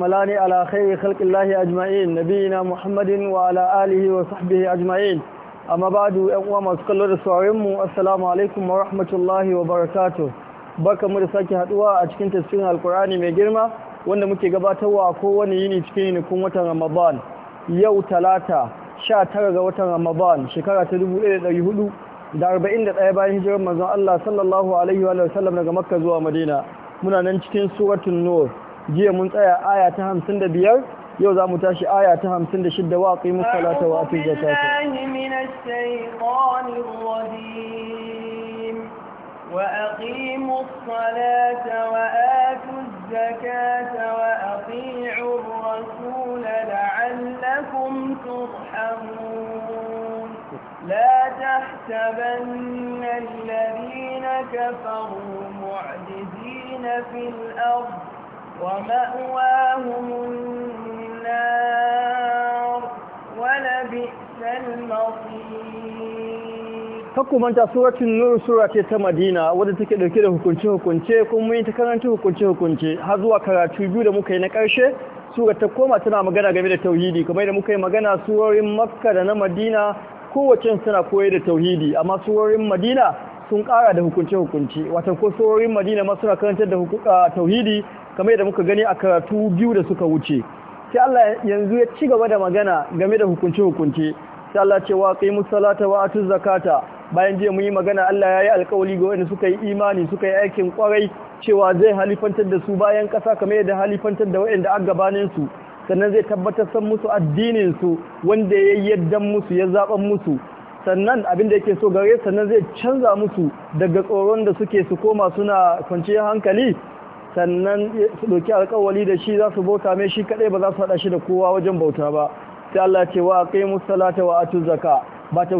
ملاني على خير خلق الله أجمعين نبينا محمد وعلى آله وصحبه أجمعين أما بعد أقوام أسكال رسوارهم السلام عليكم ورحمة الله وبركاته Barka, mu da sake haɗuwa a cikin tafsirin alkur'ani mai girma wanda muke gabatar wa kowane yini cikin yinikun watan ramadan yau talata tara ga watan ramadan shekara ta 1400 da 41 bayan hijirar manzon Allah sallallahu alaihi wa sallam daga makka zuwa madina muna nan cikin suratul nur jiya mun tsaya aya ta hamsin da biyar yau za mu tashi aya ta hamsin da shidda wa ƙi musalata wa atu zakata وأقيموا الصلاة وآتوا الزكاة وأطيعوا الرسول لعلكم ترحمون لا تحسبن الذين كفروا معجزين في الأرض ومأواهم النار ولبئس manta suratul nur sura ce ta Madina wadda take dauke da hukunce hukunce kuma mun yi ta karanta hukunce hukunce har zuwa karatu biyu da muka yi na karshe sura ta koma tana magana game da tauhidi kamar da muka yi magana surorin Makka da na Madina kowace suna koyar da tauhidi amma surorin Madina sun ƙara da hukunce-hukunce watan ko surorin madina ma suna karanta da tauhidi kamar yadda muka gani a karatu biyu da suka wuce sai Allah yanzu ya ci gaba da magana game da hukunce hukunce sai Allah ce wa qimus salata wa atu zakata bayan jiya muyi magana Allah ya yi alkawali ga wanda suka yi imani suka yi aikin kwarai cewa zai halifantar da su bayan ƙasa kamar yadda halifantar da wanda aka gabanin su sannan zai tabbatar san musu addinin su wanda ya yaddan musu ya zaban musu sannan abin da yake so gare sannan zai canza musu daga tsoron da suke su koma suna kwanciyar hankali sannan su ɗauki alkawali da shi za su bauta mai shi kadai ba za su haɗa shi da kowa wajen bauta ba sai Allah ce wa kai musalata wa atu zaka ba ta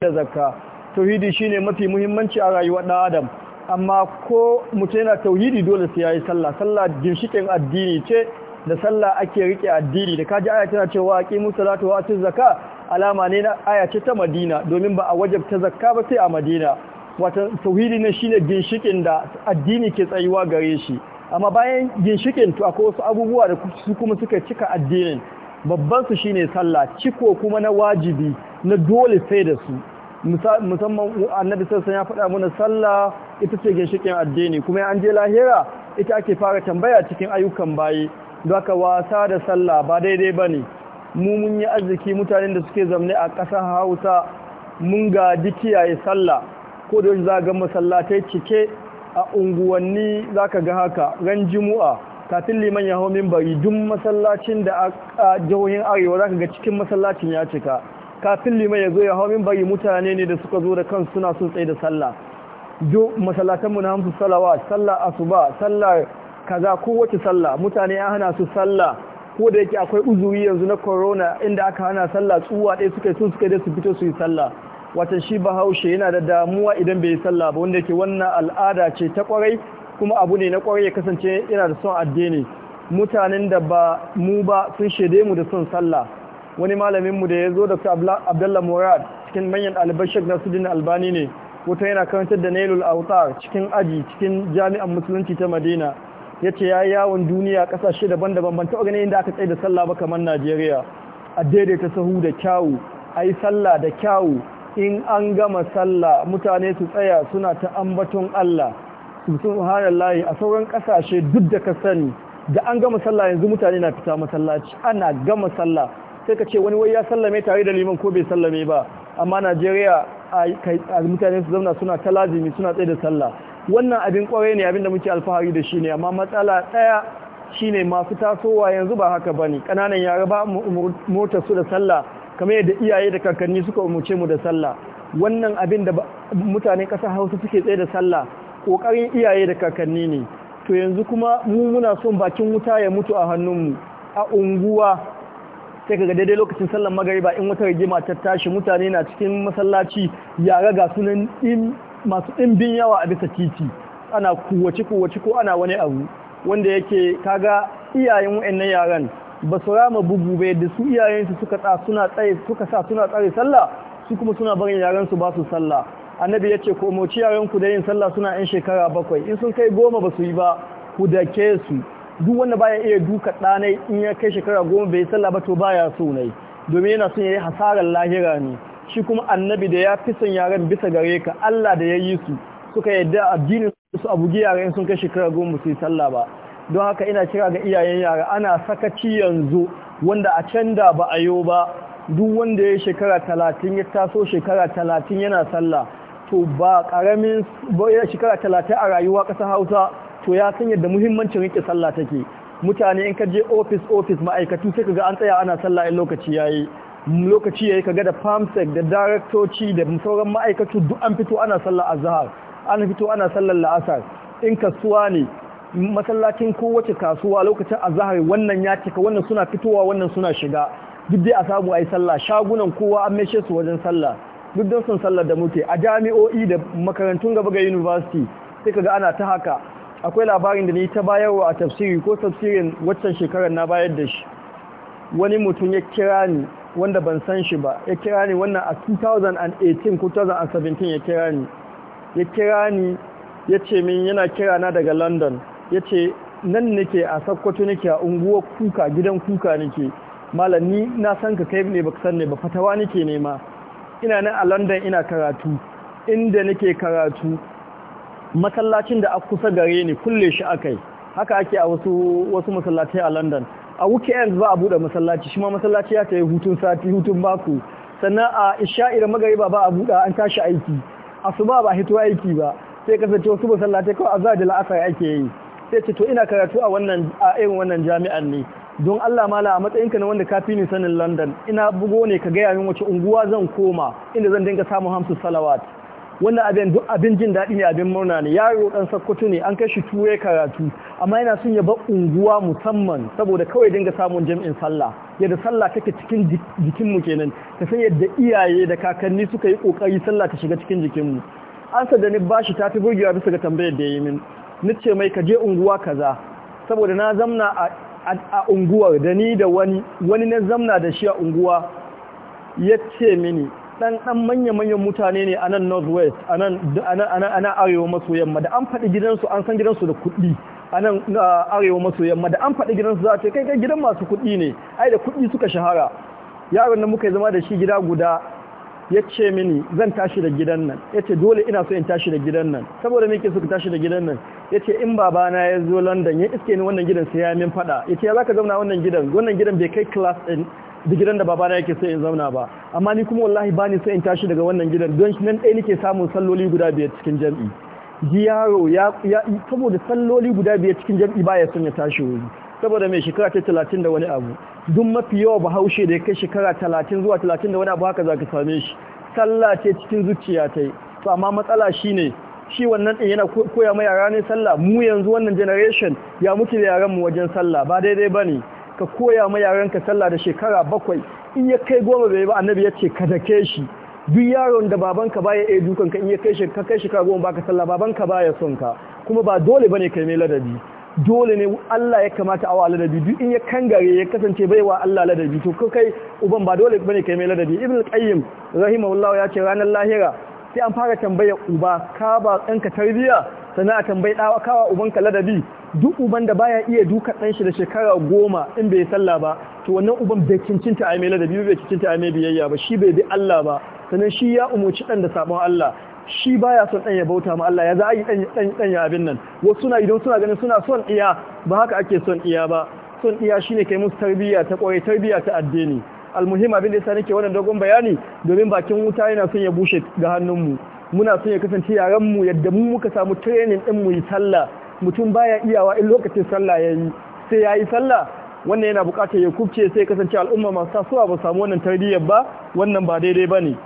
da zakka tauhidi shine mafi muhimmanci a rayuwar dan adam amma ko mutum yana tauhidi dole sai yayi sallah sallah ginshikin addini ce da sallah ake rike addini da kaji aya tana cewa aqimu salata wa atu zakka alama ne na aya ce ta Madina domin ba a wajabta zakka ba sai a Madina wata tauhidi ne shine ginshikin da addini ke tsayuwa gare shi amma bayan ginshikin to akwai wasu abubuwa da su kuma suka cika addinin babban su shine sallah ciko kuma na wajibi na dole sai da su musamman annabi sassan ya faɗa mana sallah ita ce ginshikin addini kuma an je lahira ita ake fara tambaya cikin ayyukan bayi don haka wasa da sallah ba daidai ba ne mu mun yi arziki mutanen da suke zamne a ƙasar hausa mun ga kiyaye sallah ko da za ga masallatai cike a unguwanni za ka ga haka ran jimu'a kafin liman ya hau min bari duk masallacin da a jihohin arewa za ka ga cikin masallacin ya cika kafin liman ya zo ya hau min bari mutane ne da suka zo da kansu suna sun tsaye da sallah duk masallatanmu na hamsu salawa sallah asuba sallah kaza ko wace sallah mutane ya hana su sallah ko da yake akwai uzuri yanzu na corona inda aka hana sallah tsuwa ɗaya suka yi sun suka yi su fito su yi sallah wata shi bahaushe yana da damuwa idan bai salla ba wanda yake wannan al'ada ce ta kwarai kuma abu ne na kwarai ya kasance yana da son addini mutanen da ba mu ba sun shaide mu da son sallah wani malamin mu da ya zo dr abdullah murad cikin manyan albashir na sudin albani ne wata yana karantar da nailul autar cikin aji cikin jami'an musulunci ta madina ya ce yawon duniya kasashe daban-daban ban taɓa ganin inda aka tsaye da sallah ba kamar najeriya a daidaita sahu da kyawu a yi sallah da kyawu in an gama sallah mutane su tsaya suna ta ambaton Allah subhanallahi a sauran kasashe duk da ka sani da an gama sallah yanzu mutane na fita masallaci ana gama sallah sai ka ce wani wai ya sallame tare da liman ko bai sallame ba amma Najeriya a mutane su zauna suna ta lazimi suna tsaye da sallah wannan abin kwarai ne abin da muke alfahari da shi ne amma matsala ɗaya shine masu tasowa yanzu ba haka bane kananan yara ba motar su da sallah kamar yadda iyaye da kakanni suka umuce mu da sallah wannan abin da mutanen ƙasar hausa suke tsaye da sallah kokarin iyaye da kakanni ne to yanzu kuma mu muna son bakin wuta ya mutu a hannunmu a unguwa sai kaga daidai lokacin sallar magariba in wata rigima ta tashi mutane na cikin masallaci yara ga sunan masu ɗimbin yawa a bisa titi ana kuwace kuwace ko ana wani abu wanda yake kaga iyayen wayannan yaran ba su rama bugu ba yadda su iyayensu suka sa suna tsaye suka sa suna tsare sallah su kuma suna barin yaran su ba su sallah annabi ya ce ko moci yaran ku da yin sallah suna yan shekara bakwai in sun kai goma ba su yi ba ku dake su duk wanda baya iya duka ɗanai in ya kai shekara goma bai sallah ba to baya so ne domin yana son ya yi hasarar lahira ne shi kuma annabi da ya fi son yaran bisa gare ka Allah da ya yi su suka yadda addinin su a bugi yaran sun kai shekara goma su yi sallah ba don haka ina kira ga iyayen yara ana sakaci yanzu wanda a can da ba a yo ba duk wanda ya shekara talatin ya taso shekara talatin yana sallah to ba karamin ya shekara talatin a rayuwa ƙasar hausa to ya san yadda muhimmancin rike sallah take mutane in ka je ofis ofis ma'aikatu sai ka ga an tsaya ana sallah in lokaci yayi lokaci yayi ga da famsec da daraktoci da sauran ma'aikatu duk an fito ana sallah zahar. Ana fito ana sallar la'asar in kasuwa ne masallacin kowace kasuwa lokacin azahar wannan ya cika wannan suna fitowa wannan suna shiga duk dai a samu a yi sallah shagunan kowa an meshe su wajen sallah duk don sun sallar da muke a jami'o'i da makarantun gaba ga university sai kaga ana ta haka akwai labarin da ni ta bayarwa a tafsiri ko tafsirin waccan shekarar na bayar da shi wani mutum ya kira ni wanda ban san shi ba ya kira ni wannan a 2018 ko 2017 ya kira ni ya kira ni ya ce min yana kira na daga london ya ce nan nake a sakkwato nake a unguwar kuka gidan kuka nake malam ni na san ka kai ne baka san ne ba fatawa nake nema ina nan a london ina karatu inda nake karatu masallacin da a kusa gare ni kulle shi akai haka ake a wasu wasu masallatai a london a weekend ba a bude masallaci shi ma masallaci ya ta yi hutun sati hutun mako sannan a isha da magariba ba a bude an tashi aiki asuba ba hito aiki ba sai kasance wasu masallatai kawai azhar da la'asar ake yi sai ce to ina karatu a wannan a irin wannan jami'an ne don Allah mala a matsayinka na wanda kafi ni sanin London ina bugo ne ka gaya min wace unguwa zan koma inda zan dinga samun hamsu salawat wannan abin duk abin jin daɗi ne abin murna ne yaro dan sakkutu ne an kai shi tuwe karatu amma yana son ya bar unguwa musamman saboda kawai dinga samun jami'in sallah yadda sallah take cikin jikinmu kenan ka san yadda iyaye da kakanni suka yi kokari sallah ta shiga cikin jikinmu mu da ni bashi ta fi burgewa bisa ga tambayar da ya min nace mai ka je unguwa kaza saboda na zamna a unguwar da ni da wani wani na zamna da shi a unguwa ya ce mini dan dan manya-manyan mutane ne a nan northwest a nan arewa maso yamma da an gidan gidansu an san gidansu da kuɗi a nan arewa maso yamma da an faɗi gidansu za ce kai kai gidan masu kuɗi ne ai da kuɗi suka shahara yaron da muka zama da shi gida guda ya ce mini zan tashi da gidan nan ya ce dole ina so in tashi da gidan nan saboda mai ke suka tashi da gidan nan ya ce in babana ya zo london ya iske ni wannan gidan sai ya min fada ya ce ya za ka zauna wannan gidan wannan gidan bai kai class din da gidan da babana yake so in zauna ba amma ni kuma wallahi ba ni so in tashi daga wannan gidan don nan ɗaya nake samun salloli guda biyar cikin jam'i yaro ya saboda salloli guda biyar cikin jam'i ba ya son ya tashi wuri saboda mai shekara ta talatin da wani abu duk mafi yawa bahaushe da ya kai shekara talatin zuwa talatin da wani abu haka za ka same shi sallah ce cikin zuciya ta yi to amma matsala shi ne shi wannan ɗin yana koya mai yara ne sallah mu yanzu wannan generation ya mutu da yaran mu wajen sallah ba daidai ba ne ka koya mai yaran ka sallah da shekara bakwai in ya kai goma bai ba annabi ya ce ka dake shi duk yaron da babanka baya iya dukan ka in ya kai shekara goma baka sallah babanka baya son ka kuma ba dole bane kai mai ladabi dole ne Allah ya kamata a wa ladabi duk in ya kangare ya kasance bai wa Allah ladabi to ko kai uban ba dole bane kai mai ladabi ibn qayyim rahimahullahu ya ce ranar lahira sai an fara tambaya uba ka ba ɗanka tarbiya sannan a tambayi ɗawa kawa ubanka ladabi duk uban da baya iya duka ɗan shi da shekara goma in bai salla ba to wannan uban bai cincinta a mai ladabi bai cincinta a mai biyayya ba shi bai bi Allah ba sannan shi ya umarci dan da sabon Allah shi baya son ɗan ya bauta ma Allah ya za a yi ɗan ya abin nan wasu suna idan suna ganin suna son iya ba haka ake son iya ba son iya shine kai musu tarbiyya ta ƙwarai tarbiyya ta addini almuhim abin da yasa nake wannan dogon bayani domin bakin wuta yana son ya bushe ga hannunmu muna son ya kasance yaran mu yadda mu muka samu training din mu yi sallah mutum baya iyawa in lokacin sallah yayi sai yayi sallah wannan yana buƙatar ya kubce sai kasance al'umma masu tasowa ba samu wannan tarbiyyar ba wannan ba daidai bane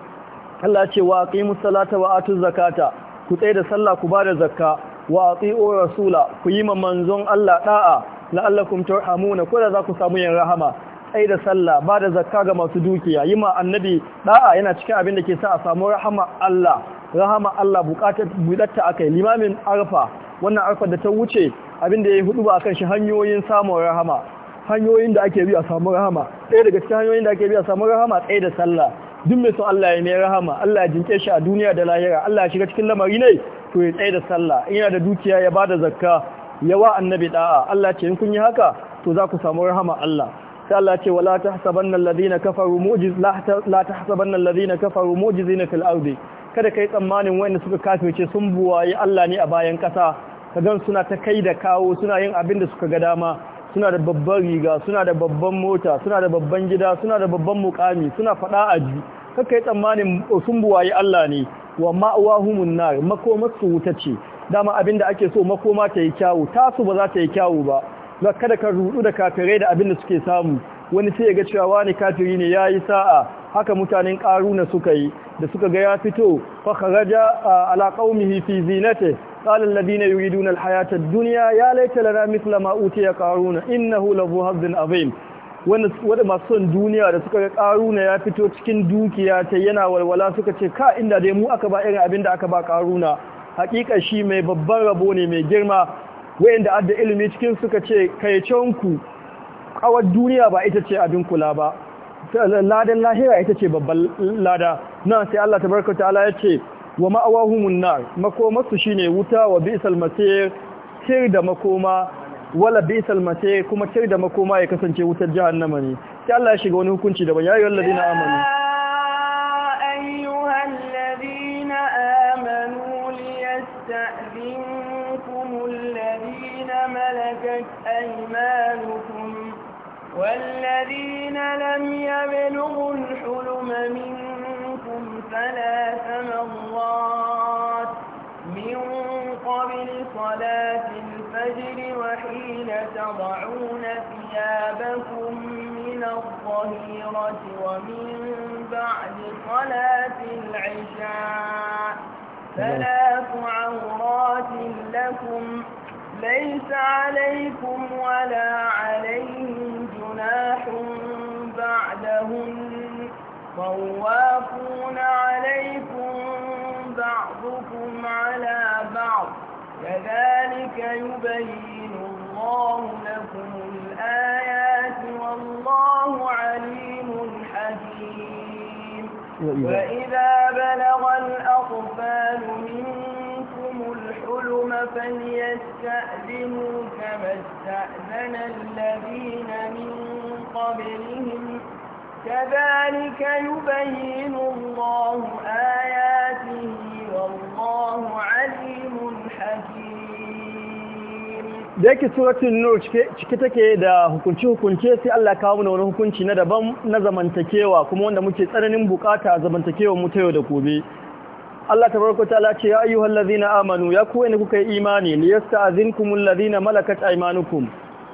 Allah ce wa aqimu salata wa atu zakata ku tsaye da sallah ku bada zakka wa ati'u rasula ku yi manzon Allah da'a la'allakum turhamuna ko da za ku samu yin rahama tsaye da sallah bada zakka ga masu dukiya yi ma annabi da'a yana cikin abin da ke sa a samu rahama Allah rahama Allah bukatar budatta akai limamin arfa wannan arfa da ta wuce abin da ya hudu ba akan shi hanyoyin samun rahama hanyoyin da ake bi a samu rahama ɗaya daga cikin hanyoyin da ake bi a samu rahama tsaye da sallah duk mai son Allah ya mai rahama Allah ya jinke shi a duniya da lahira Allah ya shiga cikin lamari ne to ya tsaye da sallah in yana da dukiya ya bada zakka ya wa annabi da'a Allah ce in kun yi haka to za ku samu rahama Allah sai Allah ce wala tahsabanna alladhina kafaru mu'jiz la tahsabanna alladhina kafaru mu'jizina fil ardi kada kai tsammanin wanda suka kafirce sun buwaye Allah ne a bayan kasa kagan suna ta kai da kawo suna yin abin da suka ga dama suna da babban riga suna da babban mota suna da babban gida suna da babban mukami suna fada aji kaka yi tsammanin sun Allah ne wa humun nar makoma su wuta ce dama da ake so makoma ta yi kyawu tasu ba za ta yi kyawu ba za kada ka rudu da kafirai da abin da suke samu wani sai ya ga cewa wani kafiri ne ya yi sa'a haka mutanen karuna suka yi da suka ga ya fito fa kharaja ala qaumihi fi zinati قال الذين يريدون الحياة الدنيا يا ليت لنا مثل ما أوتي قارون إنه لذو حظ عظيم wanda masu son duniya da suka ga karuna ya fito cikin dukiya ta yana walwala suka ce ka inda dai mu aka ba irin abin da aka ba karuna hakika shi mai babban rabo ne mai girma wayanda adda ilimi cikin suka ce kai ku kawar duniya ba ita ce abin kula ba ladan lahira ita ce babban lada na sai Allah tabaraka ta'ala ya ce wa ma'awahumun nar makomarsu shine wuta wa bisal masir cir da makoma wala bisal masir kuma cir da makoma ya kasance wutar jahannama ne sai Allah ya shiga wani hukunci da bayan yawon ladina amanu ayyuhal ladina amanu liyasta'dinkumul ladina malakat aymanukum والذين لم يبلغوا الحلم منكم ثلاث مرات من قبل صلاة الفجر وحين تضعون ثيابكم من الظهيرة ومن بعد صلاة العشاء ثلاث عورات لكم ليس عليكم ولا عليهم جناح بعدهم طوافون عليكم بعضكم على بعض كذلك يبين الله لكم الآيات والله عليم حكيم وإذا بلغ الأطفال منكم الحلم فليستأذنوا كما استأذن الذين من قبلهم كذلك يبين الله آياته والله عليم da yake suratun nur cike take da hukunce-hukunce sai Allah kawo mana wani hukunci na daban na zamantakewa kuma wanda muke tsananin bukata a zamantakewa mu ta yau da gobe Allah tabaraka ta ce ya Ladina amanu ya ku ne kuka yi imani liyasta'zinkumul ladina malakat aymanukum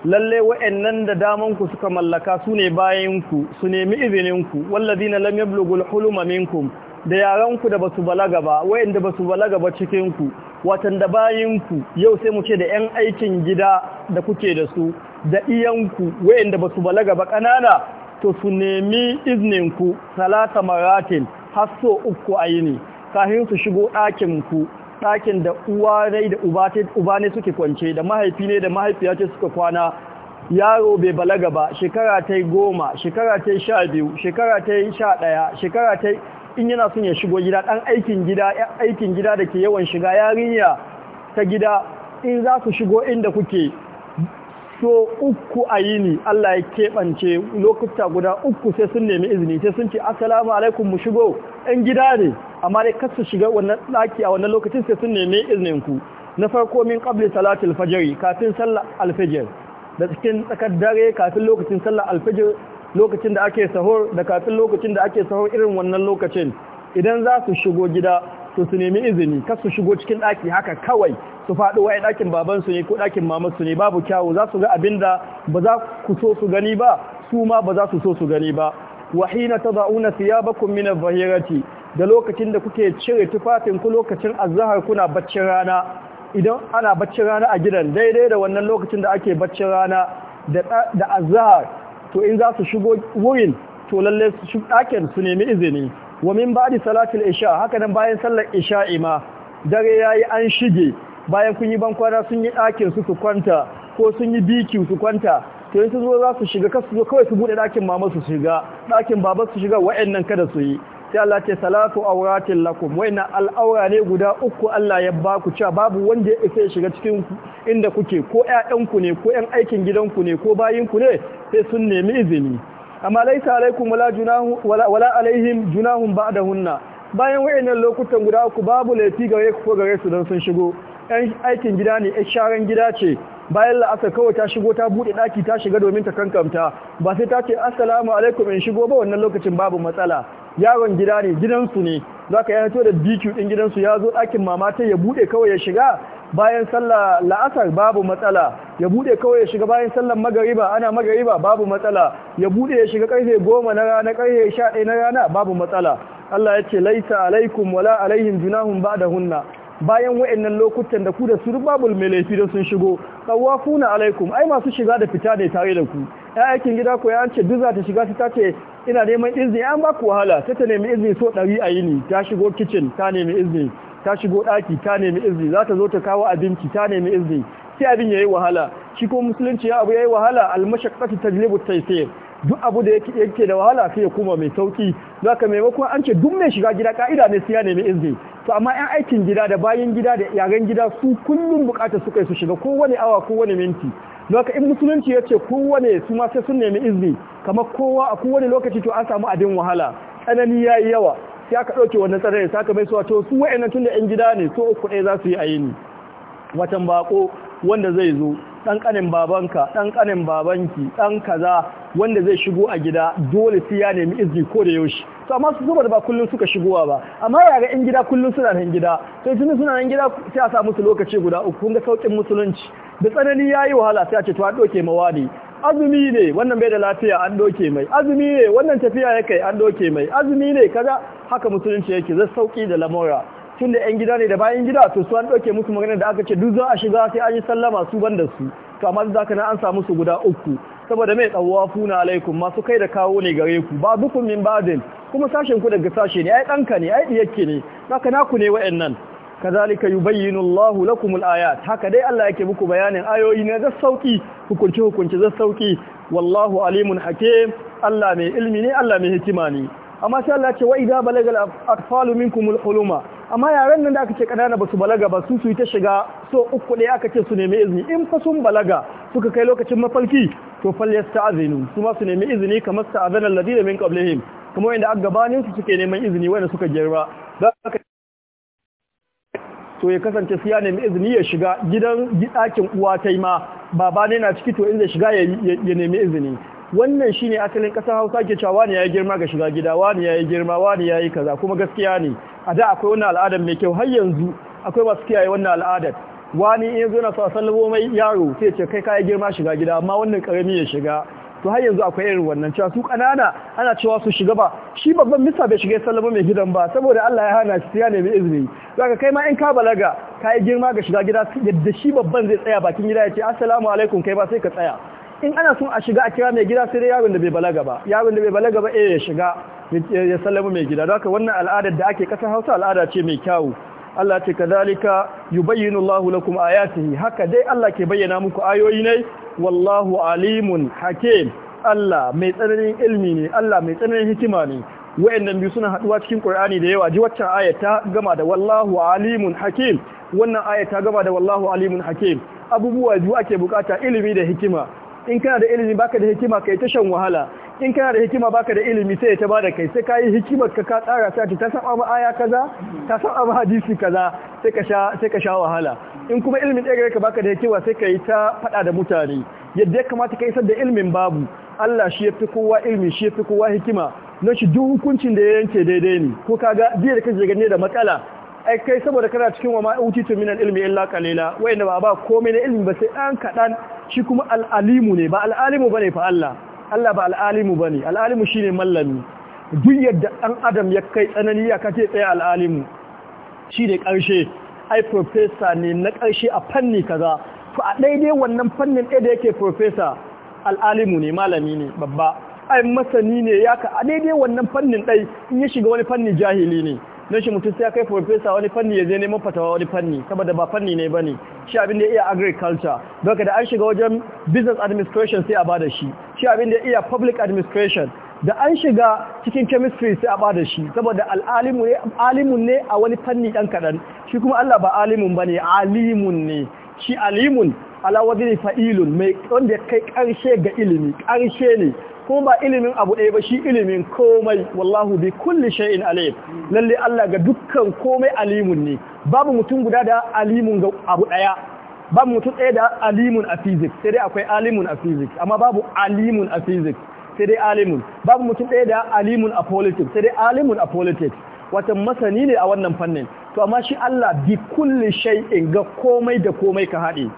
lalle wa'annan da daman ku suka mallaka su ne bayan ku su nemi izinin ku wallazina lam yablughul hulum minkum da yaran ku da basu balaga ba wa'anda basu balaga ba cikin ku watan da bayan ku yau sai mu ce da yan aikin gida da kuke da su da iyan ku wa'anda basu balaga ba kanana to su nemi iznin ku salata maratin har uku ayini kafin su shigo ɗakin ku ɗakin da uwa ne da uba ne suke kwance da mahaifi ne da mahaifiya ce suka kwana yaro bai balaga ba shekara ta goma shekara ta sha biyu shekara ta sha ɗaya shekara ta in yana son ya shigo gida ɗan aikin gida aikin gida da ke yawan shiga yarinya ta gida in za ku shigo inda kuke so uku a yi ni Allah ya keɓance lokuta guda uku sai sun nemi izini sai sun ce assalamu alaikum mu shigo 'yan gida ne amma dai kasu shiga wannan ɗaki a wannan lokacin sai sun nemi iznin ku na farko min qabli salatul fajr kafin sallar alfajr da cikin tsakar dare kafin lokacin sallar alfajr lokacin da ake sahur da kafin lokacin da ake sahur irin wannan lokacin idan za su shigo gida to su nemi izini kar su shigo cikin ɗaki haka kawai su faɗi waye ɗakin babansu ne ko ɗakin su ne babu kyawu za su ga abin da ba za ku so su gani ba su ma ba za su so su gani ba wa hina tad'una thiyabakum min adh-dhahirati da lokacin da kuke cire tufafin ku lokacin azhar kuna baccin rana idan ana baccin rana a gidan daidai da wannan lokacin da ake baccin rana da da azhar to in za su shigo wurin to lalle su shi ɗakin su nemi izini wa min ba'di salatil isha haka nan bayan sallar isha'i ma dare yayi an shige bayan kun yi bankwana sun yi ɗakin su su kwanta ko sun yi biki su kwanta to yanzu zuwa za su shiga kasu zo kawai su bude ɗakin mama su shiga ɗakin baba su shiga wa'annan kada su yi sai Allah ce salatu auratin lakum wa'annan al'aura ne guda uku Allah ya ba ku cewa babu wanda ya isa ya shiga cikin inda kuke ko ƴaƴanku ne ko yan aikin gidanku ne ko bayinku ne sai sun nemi izini amma laisa alaikum wala junahu wala, wala alaihim junahum ba'dahunna bayan wa'annan lokutan guda uku babu laifi gare ku ko gare su dan sun shigo aikin gida ne ɗan sharan gida ce bayan la'asar kawai ta shigo ta buɗe ɗaki ta shiga domin ta kankamta ba sai ta ce assalamu alaikum in shigo ba wannan lokacin babu matsala yaron gida ne gidansu ne za ka ya da DQ ɗin gidansu ya zo ɗakin mama ya buɗe kawai ya shiga bayan sallah la'asar babu matsala ya buɗe kawai ya shiga bayan sallar magariba ana magariba babu matsala ya buɗe ya shiga ƙarfe goma na rana ƙarfe sha ɗaya na rana babu matsala Allah ya ce laisa alaikum wala alaihim ba da hunna bayan wa'annan lokutan da ku da su babul mai laifi da sun shigo na alaikum ai masu shiga da fita ne tare da ku aikin gida ko ya ce duk za ta shiga ta ce ina neman izini an ba ku wahala ta ta nemi izini so ɗari a yini ta shigo kicin ta nemi izini ta shigo ɗaki ta nemi izini za ta zo ta kawo abinci ta nemi izini sai abin ya yi wahala shi ko musulunci ya abu ya yi wahala ta mashaqqatu tajlibu yi taysir duk abu da yake da wahala sai ya koma mai sauki ka maimakon an ce duk mai shiga gida ka'ida ne siya ne mai izini to amma yan aikin gida da bayan gida da yaren gida su kullum bukatar su kai su shiga kowane awa kowane minti zaka in musulunci ya ce kowane su ma sai sun nemi izini kamar kowa a kowane lokaci to an samu abin wahala tsanani ya yi yawa sai aka ɗauke wannan tsanani sai aka mai su wato su wa'annan tun da yan gida ne so uku ɗaya za su yi a yini watan bako wanda zai zo ɗan ƙanin babanka ɗan ƙanin babanki ɗan kaza wanda zai shigo a gida dole sai ya nemi izini ko da yaushe to amma su da ba kullum suka shigowa ba amma ga in gida kullum suna nan gida sai tun suna nan gida sai a sa musu lokaci guda uku kun ga saukin musulunci da tsanani yi wahala sai a ce to an doke mawadi azumi ne wannan bai da lafiya an doke mai azumi ne wannan tafiya ya kai an doke mai azumi ne kaza haka musulunci yake zai sauki da lamura tun da yan gida ne da bayan gida to su an ɗauke musu magana da aka ce duk za a shiga sai an yi sallama su ban da su to amma za ka na an samu su guda uku saboda mai tsawafu funa alaikum masu kai da kawo ne gare ku ba bukun min badin kuma sashen ku daga sashe ne ai ɗanka ne ai ɗiyarki ne zaka naku ne wa'annan kazalika yubayyinu Allahu lakum al-ayat haka dai Allah yake muku bayanin ayoyi ne da sauki hukunci hukunci da sauki wallahu alimun hakim Allah mai ilmi ne Allah mai hikima ne amma sai Allah ce wa idza balagal atfalu minkum al-huluma amma yaren nan da aka ce kanana ba su balaga ba su su yi ta shiga so uku ɗaya aka ce su nemi izini in fa sun balaga suka kai lokacin mafalki to ta azinu su ma su nemi izini kamar sta'zana alladhina min qablihim kuma inda aka gabanin su suke neman izini wanda suka girma za aka to ya kasance su ya nemi izini ya shiga gidan gidakin uwa ta ma baba ne na ciki to in zai shiga ya nemi izini wannan shine asalin kasar Hausa ke cewa wani yayi girma ga shiga gida wani yayi girma wani yayi kaza kuma gaskiya ne a da akwai wannan al'adar mai kyau har yanzu akwai masu kiyaye wannan al'adar wani in zo na sa sallabo mai yaro sai ce kai kai girma shiga gida amma wannan karami ya shiga to har yanzu akwai irin wannan cewa su kanana ana cewa su shiga ba shi babban misa bai shiga sallama mai gidan ba saboda Allah ya hana shi ne nemi izini zaka kai ma in ka balaga ka girma ga shiga gida yadda shi babban zai tsaya bakin gida ya ce assalamu alaikum kai ba sai ka tsaya in ana son a shiga a kira mai gida sai dai yaron da bai balaga ba yaron da bai balaga ba eh ya shiga ya sallama mai gida don haka wannan al'adar da ake kasar hausa al'ada ce mai kyawu Allah ce kazalika yubayyinu Allahu lakum ayatihi haka dai Allah ke bayyana muku ayoyi ne wallahu alimun hakim Allah mai tsananin ilmi ne Allah mai tsananin hikima ne wayannan biyu suna haɗuwa cikin Qur'ani da yawa ji waccan ayata gama da wallahu alimun hakim wannan ayata gama da wallahu alimun hakim abubuwa biyu ake bukata ilimi da hikima in kana da ilimi baka da hikima kai ta shan wahala in kana da hikima baka da ilimi sai ya ta bada kai sai ka yi hikimar ka ka tsara ta ta saba ma aya kaza ta saba ma hadisi kaza sai ka sha sai ka sha wahala in kuma ilimin ɗaya ka baka da hikima sai ka yi ta faɗa da mutane yadda ya kamata ka isar da ilimin babu Allah shi ya kowa ilimi shi ya kowa hikima na shi duk hukuncin da ya yanke daidai ne ko kaga jiya da kaje gane da matsala ai kai saboda kana cikin wa ma'utitu min al-ilmi illa qalila wayanda ba ba komai na ilmi ba sai dan kadan shi kuma al-alimu ne ba al-alimu bane fa Allah Allah ba al-alimu bane al-alimu shine mallami duk yadda dan adam ya kai tsanani ya kace tsaye al-alimu shine karshe ai professor ne na karshe a fanni kaza to a daidai wannan fannin ɗaya da yake professor al-alimu ne malami ne babba ai masani ne ya ka a daidai wannan fannin ɗai in ya shiga wani fanni jahili ne don shi mutum sai kai farfesa wani fanni ya zai neman fatawa wani fanni saboda ba fanni ne ba ne. shi abin da ya iya agriculture don da an shiga wajen business administration sai a ba da shi shi abin da ya iya public administration da an shiga cikin chemistry sai a ba da shi saboda ne alimun ne a wani fanni ɗan kaɗan. shi kuma Allah ba alimun ne alimun ne shi alimun ala fa'ilun mai wanda kai ƙarshe ga ilimi karshe ne Kuma ba ilimin abu ɗaya ba shi ilimin komai wallahu bi kulli shay'in alim lalle Allah ga dukkan komai alimun ne babu mutum guda da alimun ga abu ɗaya babu mutum ɗaya da alimun a physics sai dai akwai alimun a physics amma babu alimun a physics sai dai alimun babu mutum ɗaya da alimun a politics sai dai alimun a politics wata masani ne a wannan fannin to amma shi Allah bi kulli shay'in ga komai da komai ka haɗe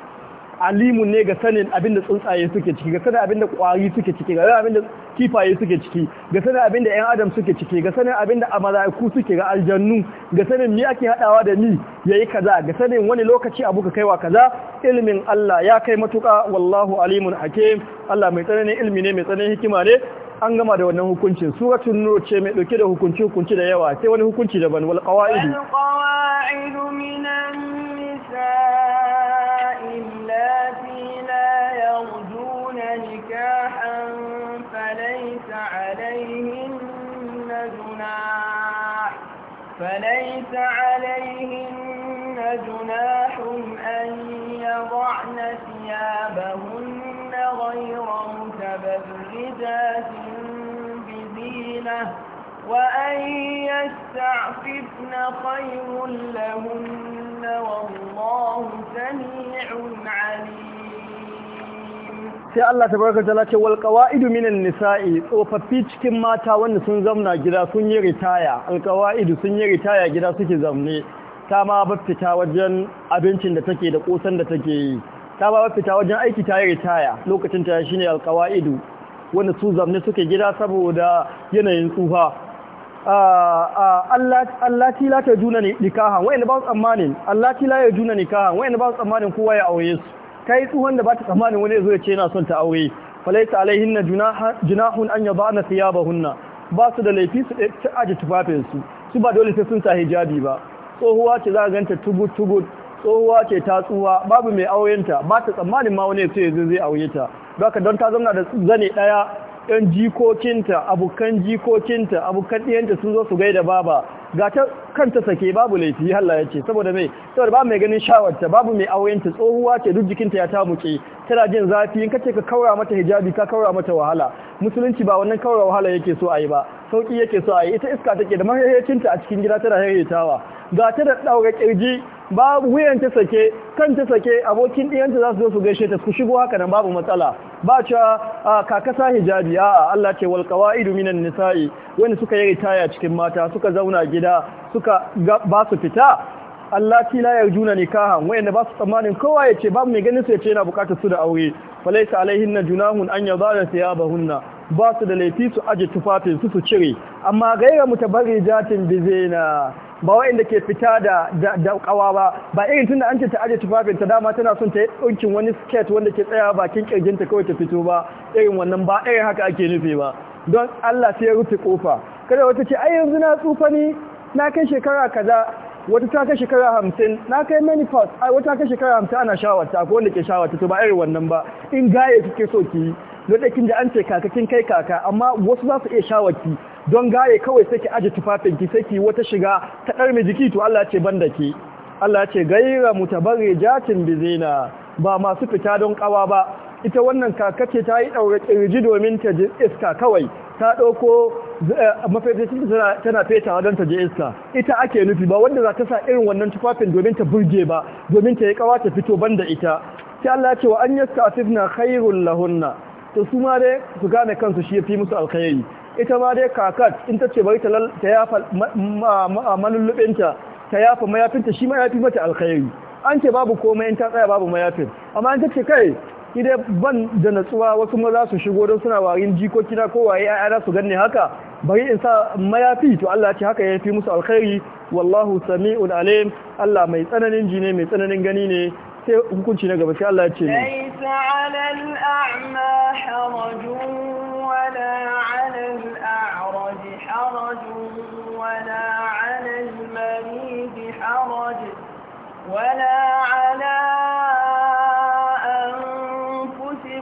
alimun ne ga sanin abin da tsuntsaye suke ciki ga sanin abin da kwari suke ciki ga sanin abin da kifaye suke ciki ga sanin abin da 'yan adam suke ciki ga sanin abin da amala'iku suke ga aljannu ga sanin mi ake haɗawa da ni yayi kaza ga sanin wani lokaci abu ka kaiwa kaza ilmin Allah ya kai matuka wallahu alimun hakim Allah mai tsananin ilmi ne mai tsananin hikima ne an gama da wannan hukuncin suratul nur ce mai dauke da hukunci hukunci da yawa sai wani hukunci daban wal qawaidu qawaidu minan nisaa نكاحا فليس عليهن جناح فليس عليهن جناح أن يضعن ثيابهن غير متبرجات بزينة وأن يستعففن خير لهن sai Allah ta tabaraka taala ce wal qawaidu minan nisa'i tsofaffi cikin mata wanda sun zamna gida sun yi ritaya al qawaidu sun yi ritaya gida suke zamne ta ma baffita wajen abincin da take da kosan da take yi ta ma baffita wajen aiki ta yi ritaya lokacin ta shine al qawaidu wanda su zamne suke gida saboda yanayin tsufa Allah ti la ta juna nikahan ba su tsammanin Allah ya juna nikahan wayanda ba su tsammanin kowa ya aure su ta yi tsohon da ba ta tsammanin wani zo ya ce yana son ta aure falaita alaihin na junahun an yaba na siya ba hunna ba su da laifi su ta aji tufafinsu su ba dole sai sun sa hijabi ba tsohuwa ce za a ganta tugut tugut tsohuwa ce ta tsuwa babu mai aurenta ba ta tsammanin ma wani ya zo zai aure ta haka don ta zauna da zane ɗaya ɗan jikokinta abokan jikokinta abokan ɗiyanta sun zo su gaida baba ga ta kanta sake babu laifi Allah ya ce saboda mai saboda ba mai ganin shawarta babu mai auyenta tsohuwa ce duk jikinta ya ta muke tana jin zafi in kace ka kaura mata hijabi ka kaura mata wahala musulunci ba wannan kaura wahala yake so ayi ba sauki yake so a yi ita iska take da mahaifinta a cikin gida tana hayyatawa ga ta da ɗaura ƙirji babu wuyan ta sake kan ta sake abokin ɗiyanta za su zo su gaishe ta ku shigo haka nan babu matsala ba cewa kakasa hijabi a Allah ce wal qawaidu minan nisa'i wani suka yi ritaya cikin mata suka zauna gida suka ba su fita Allah allati la yarjuna nikahan wayanda ba su tsammanin kowa ya ce babu mai ganin su ya ce yana bukatar su da aure falaisa na junahun an da thiyabahunna ba su da laifi su aje tufafin su su cire amma gaira mutabarrijatin bizina ba wa'inda ke fita da da kawa ba ba irin tunda an ce ta aje tufafin ta dama tana son ta yi ɗaukin wani skirt wanda ke tsaya bakin kirjinta kawai ta fito ba irin wannan ba irin haka ake nufi ba don Allah sai ya rufe kofa kada wata ce ai yanzu na tsufa ni na kai shekara kaza wata ta kai shekara hamsin na kai menopause ai wata kai shekara hamsin ana shawarta ko wanda ke shawarta to ba irin wannan ba in gaye kike so ki don ɗakin da an ce kakakin kai kaka amma wasu za su iya shawarki don gaye kawai sai ki aje ki sai ki wata shiga ta ɗar mai jiki to Allah ce ban da ke Allah ce gaira mutabare jatin bizina ba masu fita don kawa ba ita wannan kakace ta yi ɗaure kirji domin ta ji iska kawai ta ɗauko eh, mafaifin tana feta don ta je iska ita ake nufi ba wanda za ta sa irin wannan tufafin domin ta burge ba domin ta yi kawa ta fito ban da ita sai Allah ce wa an na khairun lahunna to su ma dai su gane kansu shi ya fi musu alkhairi ita ma dai kakat in ta ce bari ta yafa malullubinta ta yafa mayafinta shi ma fi mata alkhairi an ce babu komai in ta tsaya babu mayafin amma in ta ce kai ni ban da natsuwa wasu maza su shigo don suna warin jikokina ko waye ayyana su ganne haka bari in sa mayafi to Allah ce haka ya fi musu alkhairi wallahu sami'un alim Allah mai tsananin jini mai tsananin gani ne sai hukunci na gaba sai Allah ya ce ne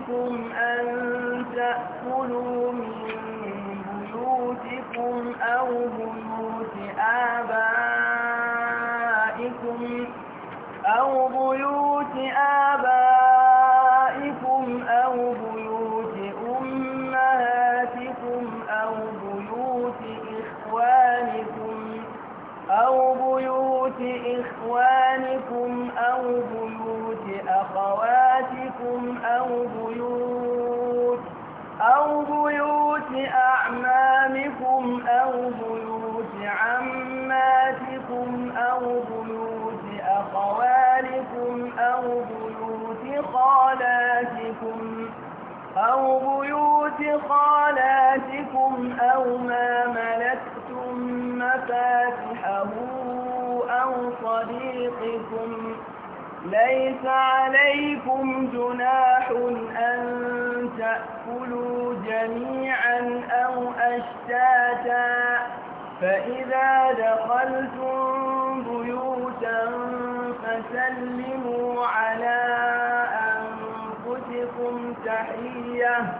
منكم أن تأكلوا من بيوتكم أو بيوت آبائكم أو بيوت خالاتكم أو ما ملكتم مفاتحه أو صديقكم ليس عليكم جناح أن تأكلوا جميعا أو أشتاتا فإذا دخلتم تحية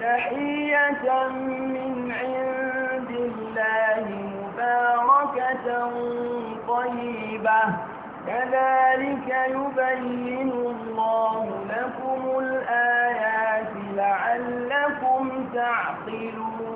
تحية من عند الله مباركة طيبة كذلك يبين الله لكم الآيات لعلكم تعقلون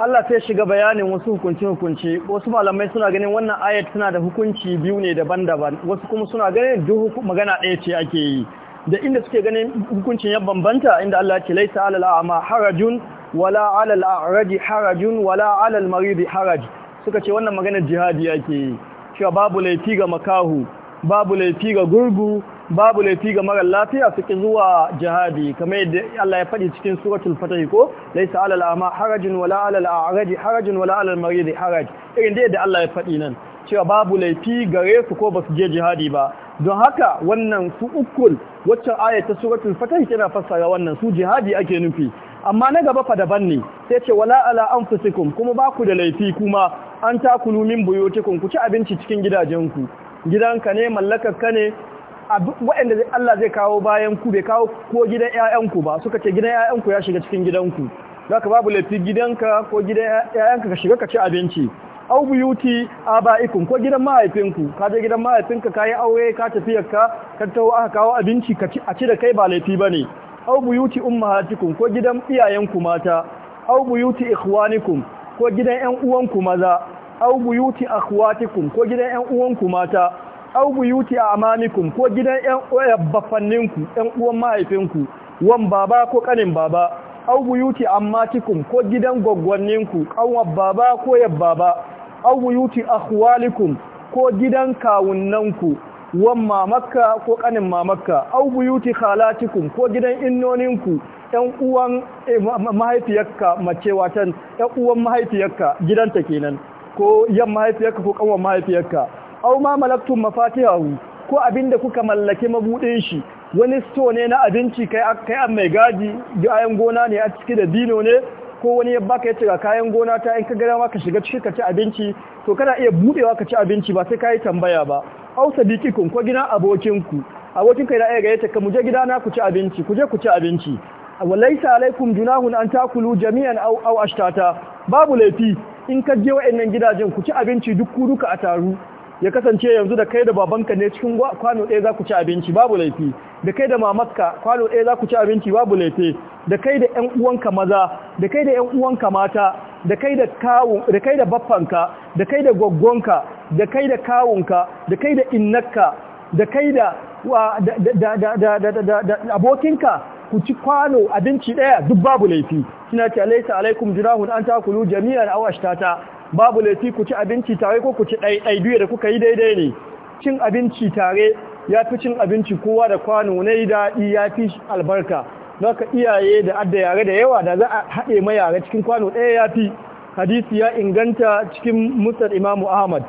Allah sai shiga bayanin wasu hukunci-hukunci wasu malamai suna ganin wannan ayat suna da hukunci biyu ne daban-daban wasu kuma suna ganin duk magana ɗaya ce ake yi da inda suke ganin hukuncin ya bambanta inda Allah ya ce laisa alal a'ma harajun wala alal a'raji harajun wala alal maridi haraj suka ce wannan maganar jihadi yake cewa babu laifi ga makahu babu laifi ga gurgu babu laifi ga mara lafiya suke zuwa jihadi kamar yadda Allah ya faɗi cikin suratul fatih ko laisa alal a'ma harajun wala alal a'raji harajun wala alal maridi haraj irin da yadda Allah ya faɗi nan cewa babu laifi gare su ko basu je jihadi ba don haka wannan su ukul waccan ayat ta suratul fatah tana fassara wannan su jihadi ake nufi amma na gaba fa daban ne sai ce wala ala anfusikum kuma ba ku da laifi kuma an takulu min buyutikum ku ci abinci cikin gidajenku gidanka ne mallakar ka ne waɗanda Allah zai kawo bayan ku bai kawo ko gidan 'ya'yanku ba suka ce gidan 'ya'yanku ya shiga cikin gidanku zaka babu laifi gidanka ko gidan ka shiga ka ci abinci au buyuti abaikum ko gidan mahaifinku ka je gidan mahaifinka kai aure ka tafiyar ka ka tawo aka kawo abinci ka a ci da kai ba laifi bane au buyuti ummahatikum ko gidan iyayenku mata au buyuti ikhwanikum ko gidan ƴan uwanku maza au buyuti akhwatikum ko gidan ƴan uwanku mata au buyuti amanikum ko gidan ƴan yan ƴan uwan mahaifinku wan baba ko kanin baba au buyuti ammatikum ko gidan gogwanninku kanwar baba ko yabba awuyuti akhwalikum ko gidan kawunnanku wan mamaka ko kanin mamakka yuti khalatikum ko gidan innoninku ɗan uwan eh, mahaifiyarka mace watan ɗan uwan mahaifiyarka gidanta kenan ko yan mahaifiyarka ko kanwan mahaifiyarka aw ma malaktum mafatihahu ko abinda kuka mallake mabudin shi wani sto ne na abinci kai kai an mai gadi ga ayan gona ne a ciki da dino ne ko wani ya baka ya ce ga kayan gona ta in ka ma ka shiga cikin ka ci abinci to kana iya budewa ka ci abinci ba sai ka yi tambaya ba au kun ko gina abokinku Abokin abokinku yana ya gayyace ka muje gida na ku ci abinci ku je ku ci abinci laysa alaikum junahun an takulu jami'an aw aw ashtata babu laifi in ka je wa'annan gidajen ku ci abinci duk ku duka a taru ya kasance yanzu da kai da babanka ne cikin kwano ɗaya za ku ci abinci babu laifi da kai da mamatka kwano ɗaya za ku ci abinci babu laifi da kai da ƴan uwanka maza da kai da ƴan uwanka mata da kai da kawo da kai da baffanka da kai da gwaggonka da kai da kawunka da kai da innakka da kai da abokinka ku ci kwano abinci ɗaya duk babu laifi suna ce alaisa alaikum jirahun an takulu jami'an awashtata babu laifi ku ci abinci tare ko ku ci ɗaiɗai biyu da kuka yi daidai ne cin abinci tare ya fi cin abinci kowa da kwano na yi daɗi ya fi albarka za ka iyaye da adda yare da yawa da za a haɗe ma yare cikin kwano ɗaya ya fi hadisi ya inganta cikin musar imamu ahmad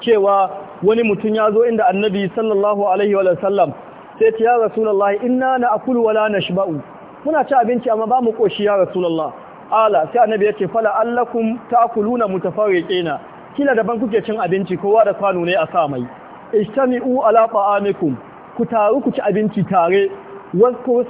cewa wani mutum ya zo inda annabi sallallahu alaihi wa sallam sai ta ya rasulallah inna na akulu wala na shiba'u muna ci abinci amma ba mu ƙoshi ya rasulallah ala sai annabi yace fala allakum taakuluna mutafawiqina kila daban kuke cin abinci kowa da kwano ne a sa mai istami'u ala ta'amikum ku taru ku ci abinci tare wasu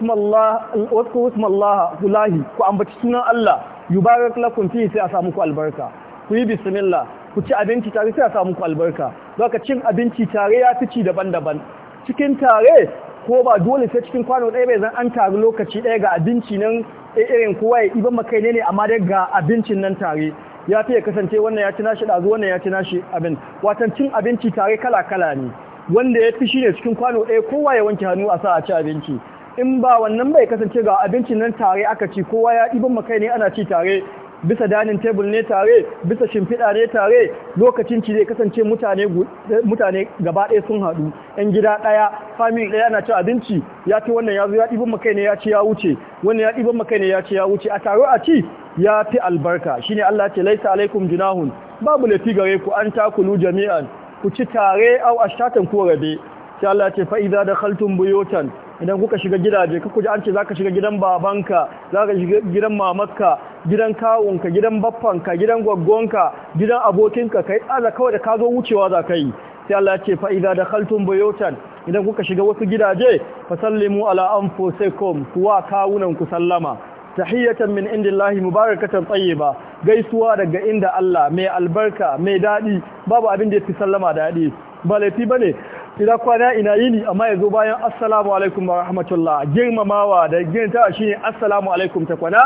ismallaha kulahi ku ambaci sunan Allah yubarak lakum fi sai a samu ku albarka ku yi bismillah ku ci abinci tare sai a samu ku albarka zaka cin abinci tare ya fi ci daban-daban cikin tare ko ba dole sai cikin kwano ɗaya bai zan an taru lokaci ɗaya ga abinci nan eh, irin kowa ya iban makai ne ne amma dai ga abincin nan tare ya fiye kasance wannan ya ci nashi ɗazu wannan ya ci nashi abin watan cin abinci tare kala kala ne wanda ya fi shi ne cikin kwano ɗaya kowa ya wanke hannu a sa a ci abinci in ba wannan bai kasance ga abincin nan tare aka ci kowa ya iban makai ne ana ci tare bisa danin tebul ne tare bisa shimfiɗa ne tare lokacin ci zai kasance mutane gaba ɗaya sun haɗu yan gida ɗaya family ɗaya na ci abinci ya ci wannan ya zo ya ɗiban makai ne ya ci ya wuce wannan ya ɗiban makai ne ya ci ya wuce a taro a ci ya fi albarka shi ne Allah ce laisa alaikum junahun babu lafi gare ku an takulu jami'an ku ci tare au ashtatan ko rabe sai Allah ce fa'iza da khaltun buyotan idan kuka shiga gidaje kuka ji an ce zaka shiga gidan babanka zaka shiga gidan mamanka gidan kawunka gidan baffanka gidan gaggonka gidan abokinka kai Allah kawai da ka zo wucewa za kai. sai Allah ce fa'iza da khaltun buyotan idan kuka shiga wasu gidaje fa sallimu ala anfusikum kuwa kawunan ku sallama tahiyatan min indillahi mubarakatan tayyiba gaisuwa daga inda Allah mai albarka mai dadi babu abin da yafi sallama dadi ba laifi bane Ina kwana ina yini amma zo bayan assalamu alaikum wa rahmatullah girmamawa da girta shine assalamu alaikum ta kwana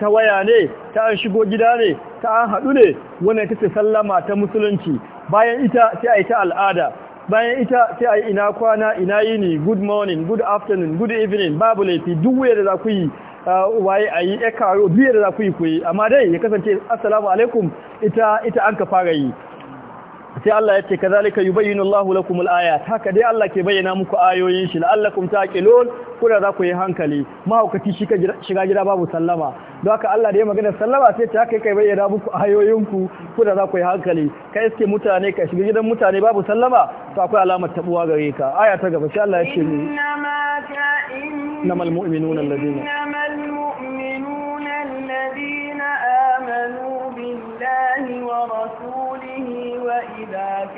ta waya ne ta an shigo gida ne ta an haɗu ne wannan tace sallama ta musulunci bayan ita sai ai ta al'ada bayan ita sai ai ina kwana ina yini good morning good afternoon good evening babu laifi duk wayar da za ku yi uh, waye a yi ya karo biyar da za ku yi ku yi amma dai ya kasance assalamu alaikum ita ita an ka fara yi sai Allah ya ce kazalika yubayyinu Allahu lakum al-ayat haka dai Allah ke bayyana muku ayoyin shi la'allakum taqilun kuna za ku yi hankali mahaukaci shiga gida babu sallama don haka Allah da ya magana sallama sai ta haka kai bayyana muku ayoyin ku kuna za ku yi hankali Ka iske mutane ka shiga gidan mutane babu sallama to akwai alamar tabuwa gare ka aya gaba sai Allah ya ce innamal mu'minuna alladhina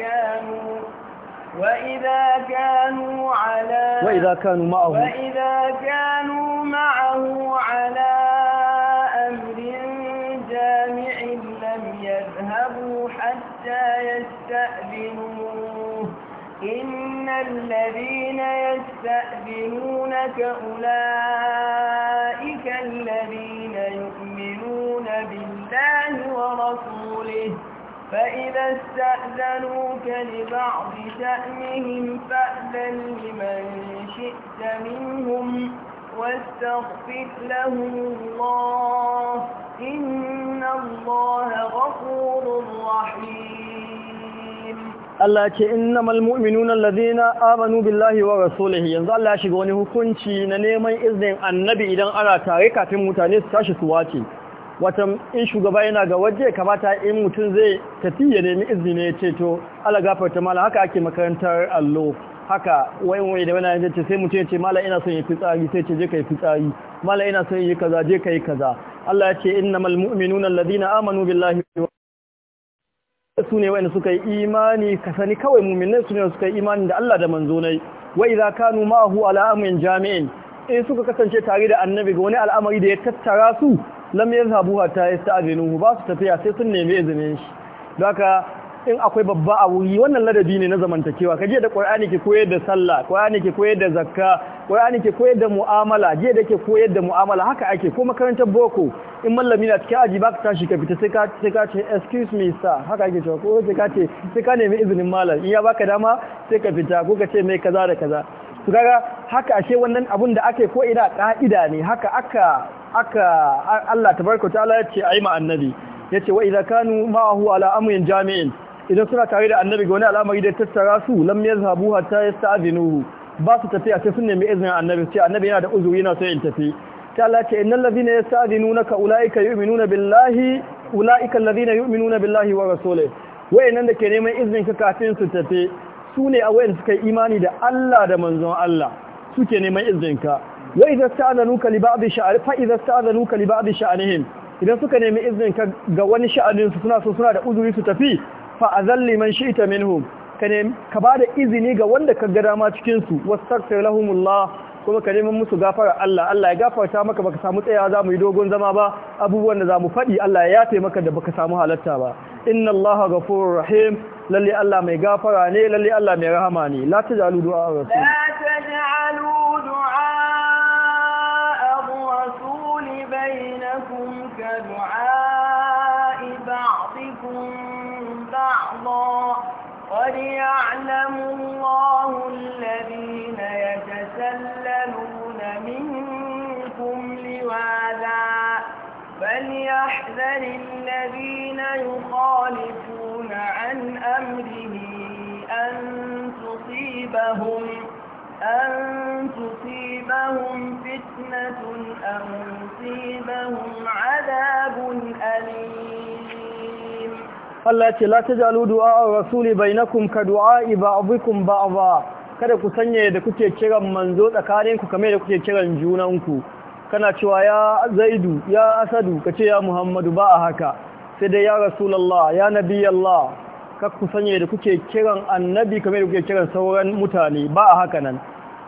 كانوا وإذا كانوا على وإذا كانوا معه وإذا كانوا معه على أمر جامع لم يذهبوا حتى يستأذنوه إن الذين يستأذنونك أولئك الذين يؤمنون بالله ورسوله فإذا استأذنوك لبعض شأنهم فأذن لمن شئت منهم واستغفر لهم الله إن الله غفور رحيم Allah ce innamal mu'minuna allazina amanu billahi wa rasulihi yanzu Allah ya shiga wani hukunci na neman iznin annabi idan ana tare kafin mutane su tashi su wake. Wata in shugaba yana ga waje kamata in mutum zai tafi ya nemi izini ya ce to ala gafarta mala haka ake makarantar allo haka wayan waye da wani yace sai mutum ya ce mala ina son yi fitsari sai ce je kai fitsari mala ina son yi kaza je kai kaza Allah ya ce innamal mu'minuna alladhina amanu billahi su ne wayanda suka yi imani ka sani kawai mu'minai su ne suka yi imani da Allah da manzo nai wa idza kanu ma'ahu ala amrin jami'in in suka kasance tare da annabi ga wani al'amari da ya tattara su lam ta hatta yasta'dinu ba su tafiya sai sun nemi izinin shi haka in akwai babba a wuri wannan ladabi ne na zamantakewa kaje da Qur'ani ke koyar da sallah Qur'ani ke koyar da zakka Qur'ani ke koyar da mu'amala je da ke koyar da mu'amala haka ake ko makarantar boko in mallami na cikin aji baka tashi ka fita sai ka sai ka ce excuse me sir haka ake cewa ko sai ka ce sai ka nemi izinin malam in ya baka dama sai ka fita ko ka ce mai kaza da kaza to kaga haka ashe wannan abun da ake yi ko ina ka'ida ne haka aka aka Allah tabaraka ta'ala ya ce yi ma annabi yace wa idza kanu ma'ahu ala amrin jami'in idan suna tare da annabi ga wani al'amari da tattara su lam ta yi yasta'dhinuhu ba su tafiya sai sun nemi izinin annabi sai annabi yana da uzuri yana so in tafi ta Allah ce innal ladhina yasta'dhinunaka ulaika yu'minuna billahi ulaika alladhina yu'minuna billahi wa rasulihi wayannan da ke neman izinin ka kafin su tafi su ne a wayan suka yi imani da Allah da manzon Allah suke neman izinka wa idza sta'anuka li ba'd sha'ani fa idza sta'anuka li ba'd sha'anihim idan suka nemi izinka ga wani sha'anin su suna so suna da uzuri su tafi fa azalli man shi'ta minhum ka ne ka bada izini ga wanda ka ga dama cikin su wastaghfir lahumullah kuma ka neman musu gafara Allah Allah ya gafarta maka baka samu tsayawa za mu yi dogon zama ba abubuwan da za mu faɗi Allah ya yafe maka da baka samu halatta ba inna Allah ghafurur rahim lalle Allah mai gafara ne lalle Allah mai rahama ne la tajalu du'a rasul يعلم الله الذين يتسللون منكم لواذا فليحذر الذين يخالفون عن أمره أن تصيبهم أن تصيبهم فتنة أو يصيبهم عذاب أليم Allah ya ce la tajalu du'a rasuli bainakum ka du'a ba'dikum ba'dha kada ku sanya da kuke kiran manzo tsakaninku kamar da kuke kiran junanku kana cewa ya zaidu ya asadu kace ya muhammadu ba a haka sai dai ya rasulullah ya nabiyallah ka ku sanya da kuke kiran annabi kamar da kuke kiran sauran mutane ba haka nan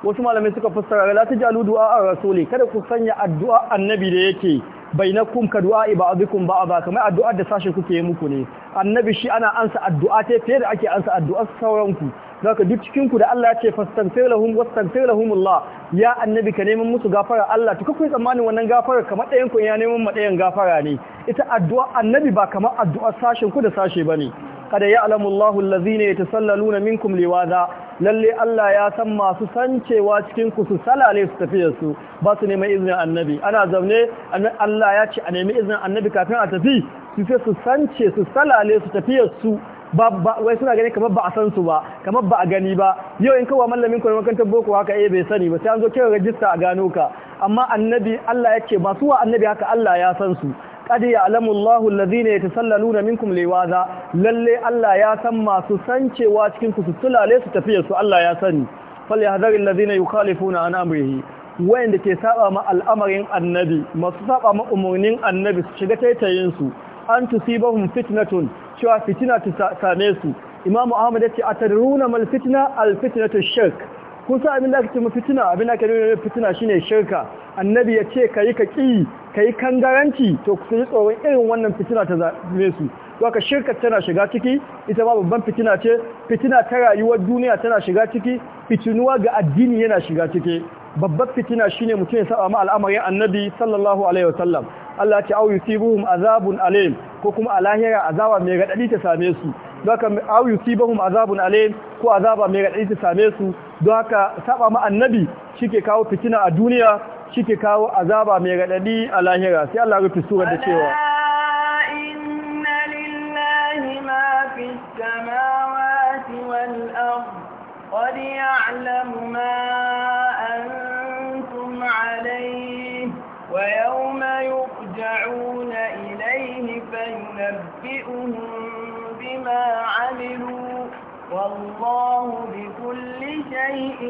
wasu malamai suka fassara la tajalu du'a rasuli kada ku sanya addu'a annabi da yake bainakum ka du'a'i ba'dukum ba'da kamar addu'ar da sashe kuke yi muku ne annabi shi ana ansa addu'a ta fiye da ake ansa addu'ar sauranku zaka duk cikinku da Allah ya ce fastaghfir lahum wastaghfir lahumullah ya annabi ka neman musu gafara Allah to kai tsammanin wannan gafara kamar ɗayan ku ya neman ma gafara ne ita addu'a annabi ba kamar addu'ar sashin ku da sashe bane kada ya'lamu Allahu allazina yatasallaluna minkum liwaza lalle Allah ya san masu sancewa cikin ku su salale su tafi su ba su nema izinin annabi ana zaune Allah ya ce a nemi izinin annabi kafin a tafi su sai su sance su salale su tafi su wai suna gani kamar ba a san su ba kamar ba a gani ba yau in kawo mallamin ku makantar boko haka eh bai sani ba sai an zo kira rajista a gano ka amma annabi Allah ya ce masu wa annabi haka Allah ya san su qad ya'lamu Allahu alladhina yatasallaluna minkum liwaza lalle Allah ya san masu sancewa cikin ku su tulale su tafiye su Allah ya sani falyahdhar alladhina yukhalifuna an amrihi wayanda ke saba ma al'amarin annabi masu saba ma umarnin annabi su shiga taitayin su an tusibahum fitnatun cewa fitina ta same su imamu Ahmad yace atadruna mal fitna al fitnatu shirk kun sa abin da aka ce mu fitina abin da aka nuna fitina shine shirka annabi ya ce kayi ka ki kayi kangaranci to ku yi tsoron irin wannan fitina ta zabe su to aka shirka tana shiga ciki ita ma babban fitina ce fitina ta rayuwar duniya tana shiga ciki fitinuwa ga addini yana shiga ciki Babban fitina shine mutum ya saba ma al'amarin annabi sallallahu alaihi wasallam Allah ya ce au yusibuhum azabun alim ko kuma a lahira azaba mai radadi ta same su zaka au yusibahum azabun alim ko azaba mai radai ta same su don haka saba ma annabi shike kawo fitina a duniya shike kawo azaba mai radadi a lahira sai Allah ya rufe da cewa inna lillahi ma fis samawati wal ard qad ya'lamu ma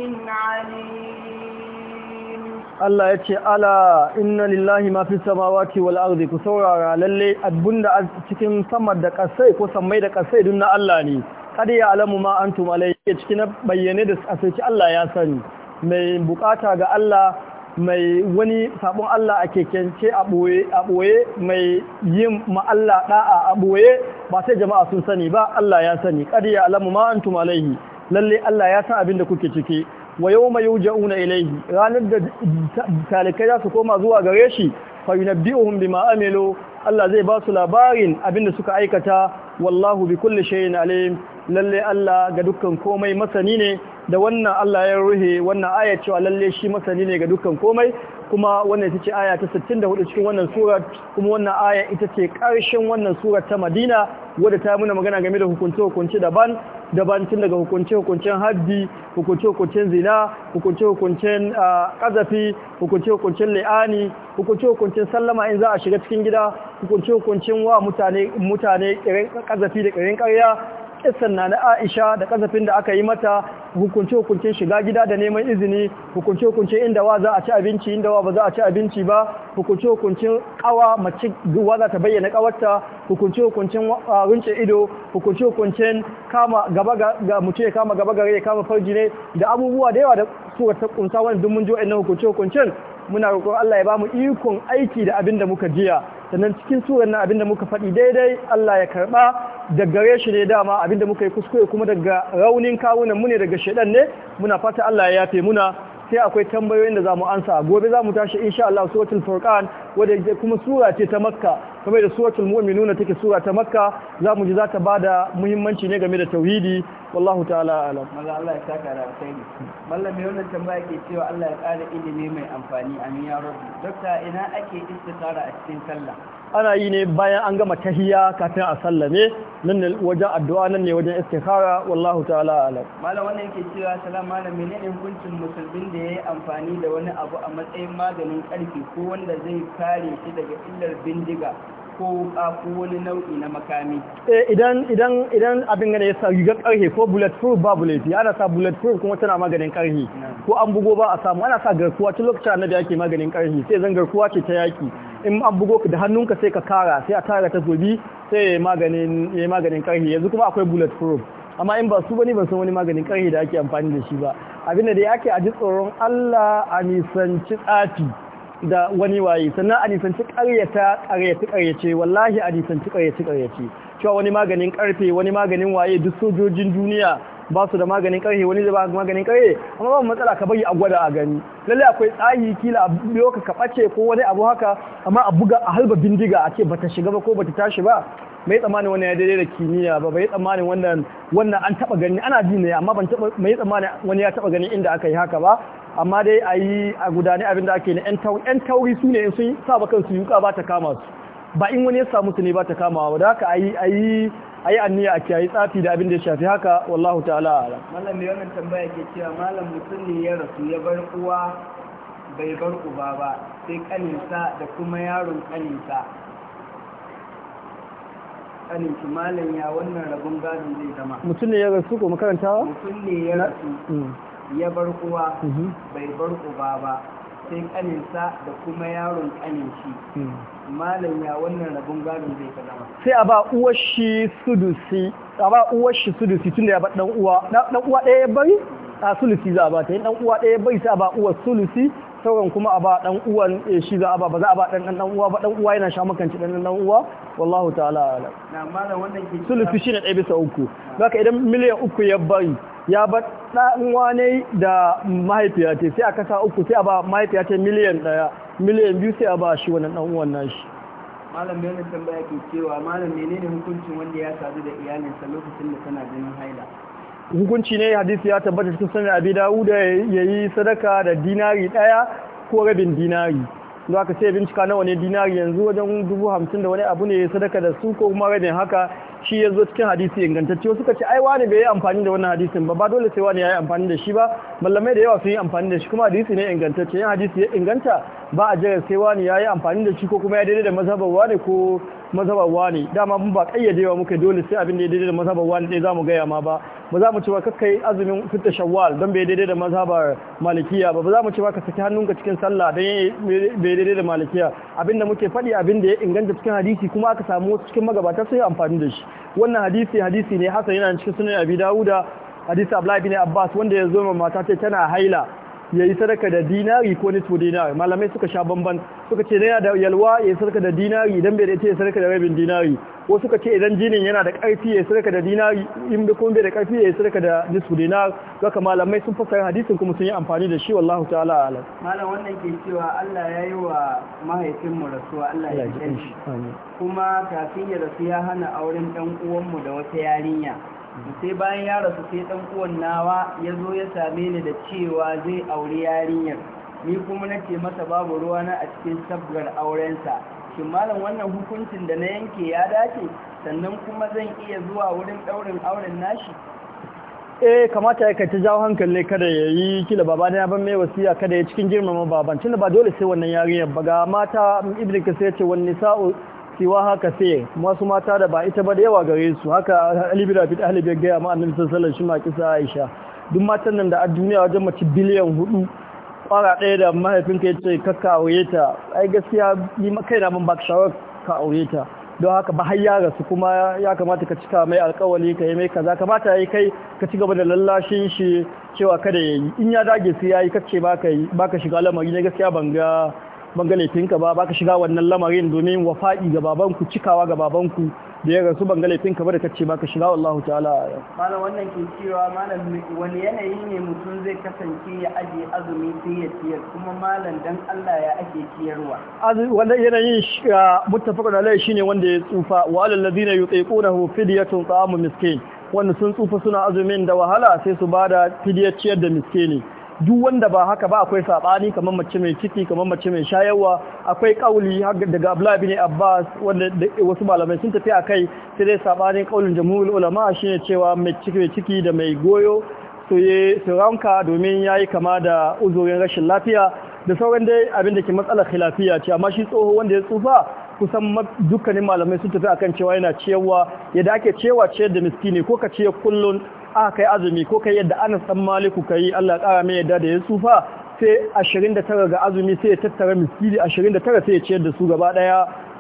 Allah عليم الله يتي inna lillahi لله ما في السماوات ku saurara lalle abin da cikin sama da ƙasai ko sammai da ƙasai dun na Allah ne kada ya alamu ma an antum ke cikin bayyane da asirci Allah ya sani mai bukata ga Allah mai wani sabon Allah a kekence a ɓoye mai yin ma'alla ɗa'a a ɓoye ba sai jama'a sun sani ba Allah ya sani ya alamu ma'antum alaihi lalle Allah ya san abin da kuke ciki wa yawma yuja'una ilayhi ranar da talikai za su koma zuwa gare shi fa yunabbi'uhum bima amilu Allah zai ba su labarin abin da suka aikata wallahu bi kulli shay'in alim lalle Allah ga dukkan komai masani ne da wannan Allah ya ruhe wannan ayat cewa lalle shi masani ne ga dukkan komai kuma wannan ita ce aya ta 64 cikin wannan sura kuma wannan aya ita ce ƙarshen wannan sura ta Madina wadda ta muna magana game da hukunce hukunce daban daban tun daga hukunce hukuncen haddi hukunce hukuncen zina hukunce hukuncen kazafi hukunce hukuncen la'ani hukunce hukuncen sallama in za a shiga cikin gida hukunce hukuncen wa mutane mutane kazafi da ƙirin ƙarya kisan na na Aisha da kasafin da aka yi mata hukunce hukunce shiga gida da neman izini hukunce hukunce inda wa za a ci abinci inda wa ba za a ci abinci ba hukunce hukunce kawa mace wa za ta bayyana kawarta hukunce hukuncen rince ido hukunce hukuncen kama gaba ga mutum ya kama gaba gare ya kama farji ne da abubuwa da yawa da suka ta kunsa wani duk mun ji wa'annan hukunce muna roƙon Allah ya bamu mu ikon aiki da abin da muka jiya sannan cikin surar nan abinda muka faɗi daidai Allah ya karɓa da gare shi ne dama abinda muka yi kuskure kuma daga raunin kawunan mu ne daga shaidan ne muna fata Allah ya yafe muna sai akwai tambayoyin da za mu ansa gobe za mu tashi insha Allah suratul furqan wadda kuma sura ce ta makka kamar da suratul mu'minun take sura ta makka za mu ji za ta bada muhimmanci ne game da tauhidi wallahu ta'ala alam maza Allah ya saka da alkhairi mallam mai wannan tambaya ke cewa Allah ya ƙara ilimi mai amfani amin ya rabbi dokta ina ake istikara a cikin sallah ana yi ne bayan an gama tahiya kafin a sallame nan ne wajen addu'a nan ne wajen istikhara wallahu ta'ala alam malam wannan yake cewa salam malam menene hukuncin musulmin da yayi amfani da wani abu a matsayin maganin karfi ko wanda zai kare shi daga illar bindiga Ah, ko wani nau'i na makami eh, idan idan idan abin gane ya sa rigar karhe ko bulletproof ba bullet ana sa bulletproof kuma tana maganin karhe ko an bugo ba a samu ana sa garkuwa tun lokacin annabi ake maganin karhe sai zan garkuwa ce ta yaki in an bugo ka da hannunka sai ka kara sai a tara ta gobi sai ya maganin ya maganin karhe yanzu kuma akwai bulletproof amma in ba su bane ban san wani maganin karhe da ake amfani da shi ba abinda da dai ake a ji tsoron Allah a nisanci tsafi da wani waye sannan a nisanci ƙaryata ƙaryaci ƙaryace wallahi a nisanci ƙaryaci ƙaryace cewa wani maganin karfe wani maganin waye duk sojojin duniya ba su da maganin ƙarfe wani da ba maganin ƙarfe amma ba matsala ka bari a gwada a gani lalle akwai tsayi kila a biyo ka ka ɓace ko wani abu haka amma a buga a halba bindiga a ce bata shiga ba ko bata tashi ba mai tsammanin wannan ya daidai da kimiyya ba bai tsammanin wannan wannan an taba gani ana ji ne amma ban taba mai tsammanin wani ya taba gani inda aka yi haka ba amma dai a yi a gudane abin da ake na 'yan tauri su ne in sun saba kansu yuka ba ta kama su ba in wani ya samu su ne ba ta kama ba da haka a yi a yi a yi anniya a kiyaye tsafi da abin da ya shafi haka wallahu ta'ala ala malam mai wannan tambaya ke cewa malam mutum ne ya rasu ya bar uwa bai bar uba ba sai kaninsa da kuma yaron kaninsa kanin ki malam ya wannan rabon gadon zai zama mutum ne ya rasu ko makarantawa mutum ne ya rasu mm. ya bar uwa mhm. bai bar uba ba sai kaninsa da kuma yaron kanin shi hmm. malam ya wannan rabon gadon zai kalama sai a ba uwar shi sudusi a ba uwar shi sudusi da ya bar dan uwa dan uwa ɗaya ya bari a sulusi za a ba ta yi dan uwa ɗaya bai sai a ba uwar sulusi sauran kuma a ba dan uwan eh, shi za a ba ba za a ba dan dan uwa ba dan uwa yana sha makanci dan dan uwa wallahu ta'ala ala na mallan wannan ke sulufi shine ɗaya bisa uku zaka idan miliyan uku ya bari ya ba dan uwa ne da mahaifiya ce sai aka sa uku sai a ba mahaifiya ce miliyan ɗaya miliyan biyu sai a ba shi wannan dan uwan nashi malam bai tambaya ke cewa malam menene hukuncin wanda ya sadu da iyalinsa lokacin da tana ganin haila hukunci ne hadisi ya tabbata cikin sunan abi dawud da yayi sadaka da dinari daya ko rabin dinari za ka sai bincika nawa ne dinari yanzu wajen dubu hamsin da wani abu ne sadaka da su ko kuma rabin haka shi ya zo cikin hadisi ingantacce wasu ka ce ai wani bai yi amfani da wannan hadisin ba ba dole sai wani ya yi amfani da shi ba mallamai da yawa sun yi amfani da shi kuma hadisi ne ingantacce yan hadisi ya inganta ba a jira sai wani ya yi amfani da shi ko kuma ya daidai da mazhabar wani ko mazhabar wani dama mun ba kayyadewa muka dole sai abin da ya daidai da mazhabar wani dai zamu gaya ma ba ba za mu ci ba kakka yi azumin fitta shawwal don bai daidai da mazhabar malikiya ba ba za mu ci ba ka saki hannunka cikin sallah don bai daidai da malikiya abinda muke faɗi da ya inganta cikin hadisi kuma aka samu wasu cikin magabata sai amfani da shi wannan hadisi hadisi ne hasan yana cikin sunan abi dawuda hadisi abdullahi bin abbas wanda ya zo ma mata tana haila ya yi sadaka da dinari ko nisfu dinari malamai suka sha bamban suka ce yana da yalwa ya yi sadaka da dinari idan bai da ita ya sadaka da rabin dinari ko suka ce idan jinin yana da ƙarfi ya yi sadaka da dinari in kuma bai da ƙarfi ya yi sadaka da nisfu dinari zaka malamai sun yin hadisin kuma sun yi amfani da shi wallahu ta'ala ala malam wannan ke cewa Allah ya yi wa mahaifin mu rasuwa Allah ya ji kuma kafin ya rasu ya hana auren dan uwan mu da wata yarinya sai bayan ya rasu sai ɗan uwan nawa ya zo ya same ni da cewa zai auri yarinyar ni kuma na ce masa babu ruwa na a cikin sabgar aurensa shin malam wannan hukuncin da na yanke ya dace sannan kuma zan iya zuwa wurin ɗaurin auren nashi eh kamata ya kaita jawo hankali kada ya yi kila baba na ban mai wasiya kada ya cikin girmama baban tunda ba dole sai wannan yarinyar ba ga mata ibnu kasir ya ce wani sa'o. siwa haka sai masu mata da ba ita ba da yawa gare su haka alibira fit ahlibiyar gaya ma annabi sallallahu shi ma kisa aisha duk matan nan da a duniya wajen mace biliyan hudu kwara ɗaya da mahaifinka ya ce ka aure ta ai gaskiya ni kai na ban baka ka aure ta don haka ba har ya rasu kuma ya kamata ka cika mai alkawali ka yi mai kaza kamata ya yi kai ka ci gaba da lallashin shi cewa kada ya yi in ya dage sai ya yi kace baka shiga lamari ne gaskiya ban ga ban ga ka ba baka shiga wannan lamarin domin wafa'i ga babanku cikawa ga babanku da ya rasu ban ga ka ba da kace baka shiga wallahu ta'ala malam wannan ke cewa malam wani yanayi ne mutum zai kasance ya aje azumi sai ya ciyar kuma malam dan Allah ya ake ciyarwa wannan yanayin muttafaqun alaihi shine wanda ya tsufa wa alal ladina yutiqunahu fidyatun ta'amu miskin wanda sun tsufa suna azumin da wahala sai su bada fidyar ciyar da miskini duk wanda ba haka ba akwai sabani kamar mace mai ciki kamar mace mai shayarwa akwai kauli daga Abdullah bin Abbas wanda wasu malamai sun tafi akai sai dai sabanin kaulin jamhurul ulama shine cewa mai ciki mai ciki da mai goyo su ye su ranka domin yayi kama da uzurin rashin lafiya da sauran dai abin da ke matsalar khilafiya ce amma shi tsoho wanda ya tsufa kusan dukkanin malamai sun tafi akan cewa yana cewa yadda ake cewa ciyar da miskini ko ka ce kullun aka kai azumi ko kai yadda ana san Maliku kai Allah ƙara mai yadda da ya tsufa sai 29 ga azumi sai ya tattara miskini 29 sai ya ciyar da su gaba daya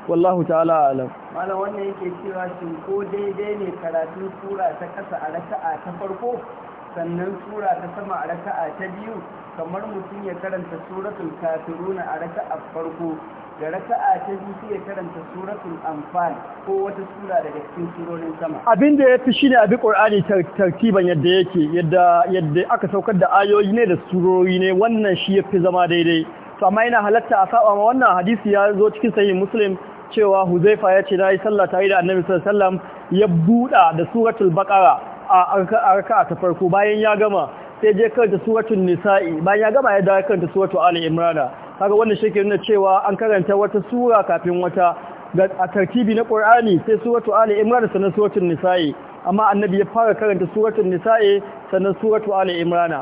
wallahu ta'ala alam malam wannan yake cewa shi ko daidai ne karatun sura ta kasa a raka'a ta farko sannan tura ta sama a raka'a ta biyu kamar mutum ya karanta suratul kafiruna a raka'a farko da raka'a ta biyu sai karanta suratul anfal ko wata sura daga cikin surorin sama abin da yafi shine abi qur'ani tartiban yadda yake yadda yadda aka saukar da ayoyi ne da surori ne wannan shi yafi zama daidai to amma yana halatta a saba ma wannan hadisi ya zo cikin sahih muslim cewa huzaifa ya ce nayi sallah tare da annabi sallallahu alaihi wasallam ya buda da suratul baqara a raka'a ta farko bayan ya gama sai je karanta suratul nisa'i bayan ya gama ya dawo karanta suratul ali imrana kaga wannan shi ke nuna cewa an karanta wata sura kafin wata ga a tartibi na Qur'ani sai suratu Ali Imran sannan suratu Nisa'i amma annabi ya fara karanta suratun Nisa'i sannan suratu Ali Imran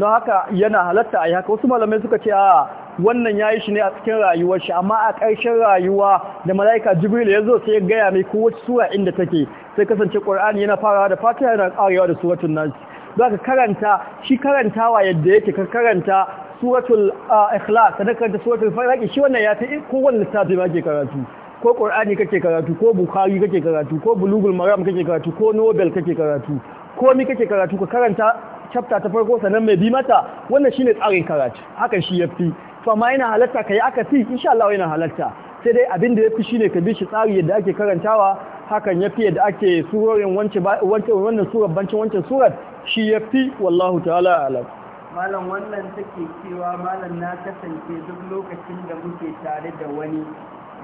don haka yana halatta a haka wasu malamai suka ce a wannan yayi shi ne a cikin rayuwar shi amma a ƙarshen rayuwa da mala'ika jibril ya zo sai ya gaya mai kowace sura inda take sai kasance ƙur'ani yana farawa da fatiha yana ƙarewa da suratu nasi zaka ka karanta shi karantawa yadda yake ka karanta suratul ikhlas da karanta suratul faraki shi wannan ya fi ko wannan tafi ba ke karatu ko qur'ani kake karatu ko bukhari kake karatu ko bulugul maram kake karatu ko nobel kake karatu ko mi kake karatu ka karanta chapter ta farko sanan mai bi mata wannan shine tsarin karatu haka shi yafi fa ma yana halatta kai aka fi insha Allah yana halatta sai dai abin da yafi shine ka bi shi tsari yadda ake karantawa hakan yafi yadda ake surorin wance wannan surar bancin wancan surar shi yafi wallahu ta'ala alam malam wannan take cewa malam na kasance duk lokacin da muke tare da wani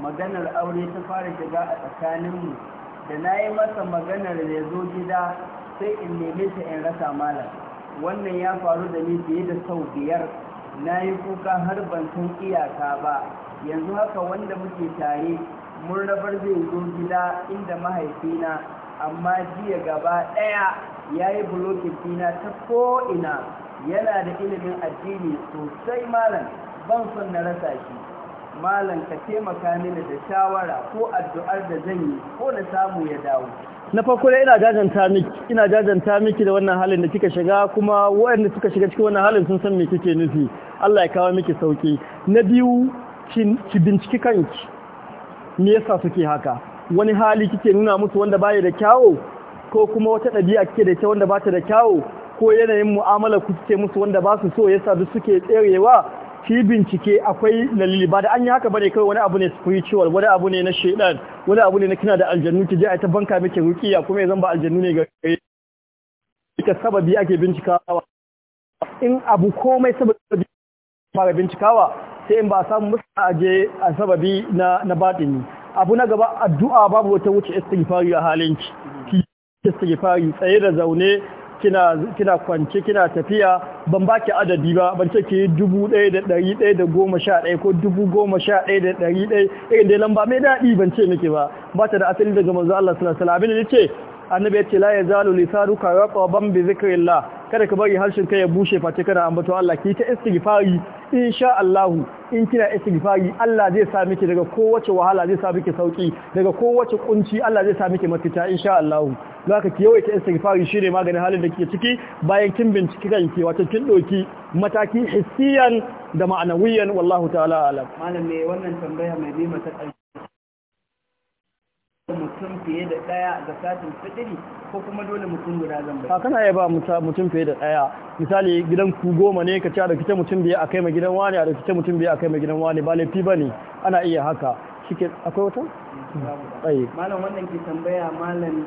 maganar aure ta fara shiga a tsakaninmu da na yi masa maganar ya zo gida sai in neme ta in rasa malam wannan ya faru da ni fiye da sau biyar na yi kuka har ban san iyaka ba yanzu haka wanda muke tare mun rabar zai zo gida inda mahaifina amma jiya gaba ɗaya ya yi bulokin ta ko'ina yana da ilimin addini sosai malam ban son na rasa shi malam ka taimaka mini da shawara ko addu'ar da zan yi ko na samu ya dawo na farko ina jajanta miki ina jajanta miki da wannan halin da kika shiga kuma waɗanda suka shiga cikin wannan halin sun san me kike nufi Allah ya kawo miki sauki na biyu ki binciki kanki me yasa suke haka wani hali kike nuna musu wanda baya da kyawo? ko kuma wata ɗabi'a kike da ita wanda bata da kyawo? ko yanayin mu'amala ku kuke musu wanda ba su so yasa duk suke tserewa ki bincike akwai lalili ba da an yi haka bane kai wani abu ne spiritual wani abu ne na shedan wani abu ne na kina da aljannu ki je a ta banka miki ruqiya kuma yanzu ba aljannu ne ga kai ita sababi ake bincikawa in abu komai sababi fara bincikawa sai in ba samu musa aje a sababi na na batini abu na gaba addu'a babu wata wuce istighfari a halinki ki istighfari tsaye da zaune kina kina kwance kina tafiya ban baki adadi ba ban ce ki dubu ɗaya da ɗari ɗaya da goma sha ɗaya ko dubu goma sha ɗaya da ɗari ɗaya irin eh, dai lamba mai daɗi ban ce miki ba ba ta da asali daga manzo Allah sallallahu alaihi abin da ce annabi ya ce la yazalu lisanuka ban bi zikrillah kada ka bari harshen ka ya bushe face kana ambato Allah ki ta istighfari insha Allah in kina istighfari Allah zai sa miki daga kowace wahala zai sa miki sauki daga kowace kunci Allah zai sa miki mafita insha Allah za ka yawaita istighfari shi ne maganin halin da ke ciki bayan kin binciki kanki wato kin doki mataki hissiyan da ma'anawiyan wallahu ta'ala alam malam me wannan tambaya mai bi mata mutum fiye da ɗaya ga satin fitiri ko kuma dole mutum guda zan bai. kana yaba mutum fiye da ɗaya misali gidan ku goma ne ka ci a rikice mutum biya a kai mai gidan wani a rikice mutum biya a kai mai gidan wani ba laifi ba ne ana iya haka shike akwai wata? malam wannan ke tambaya malam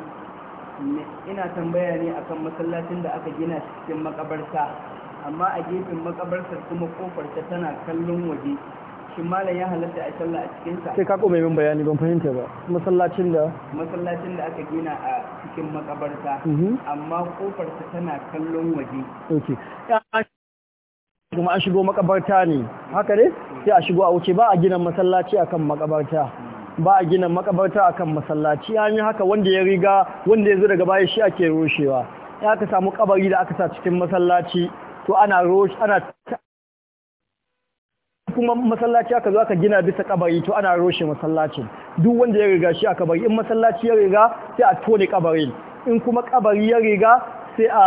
ina tambaya ne akan masallacin da aka gina cikin makabarta amma a gefen makabartar kuma kofar ta tana kallon waje shi malam ya halatta a sallah a cikin sa sai ka kome min bayani ban fahimta ba masallacin da masallacin da aka gina a cikin makabarta mhm. amma kofar ta tana kallon waje okay kuma an shigo makabarta ne haka ne eh. sai a shigo a wuce ba a gina masallaci akan makabarta ba a gina makabarta akan masallaci an yi haka wanda ya riga wanda ya zo daga baya shi ake roshewa ya aka samu kabari da aka sa cikin masallaci to ana rosh ana kuma masallaci aka zo aka gina bisa kabari to ana roshe masallacin duk wanda ya riga shi aka bari in masallaci ya riga sai a tone kabarin in kuma kabari ya riga sai a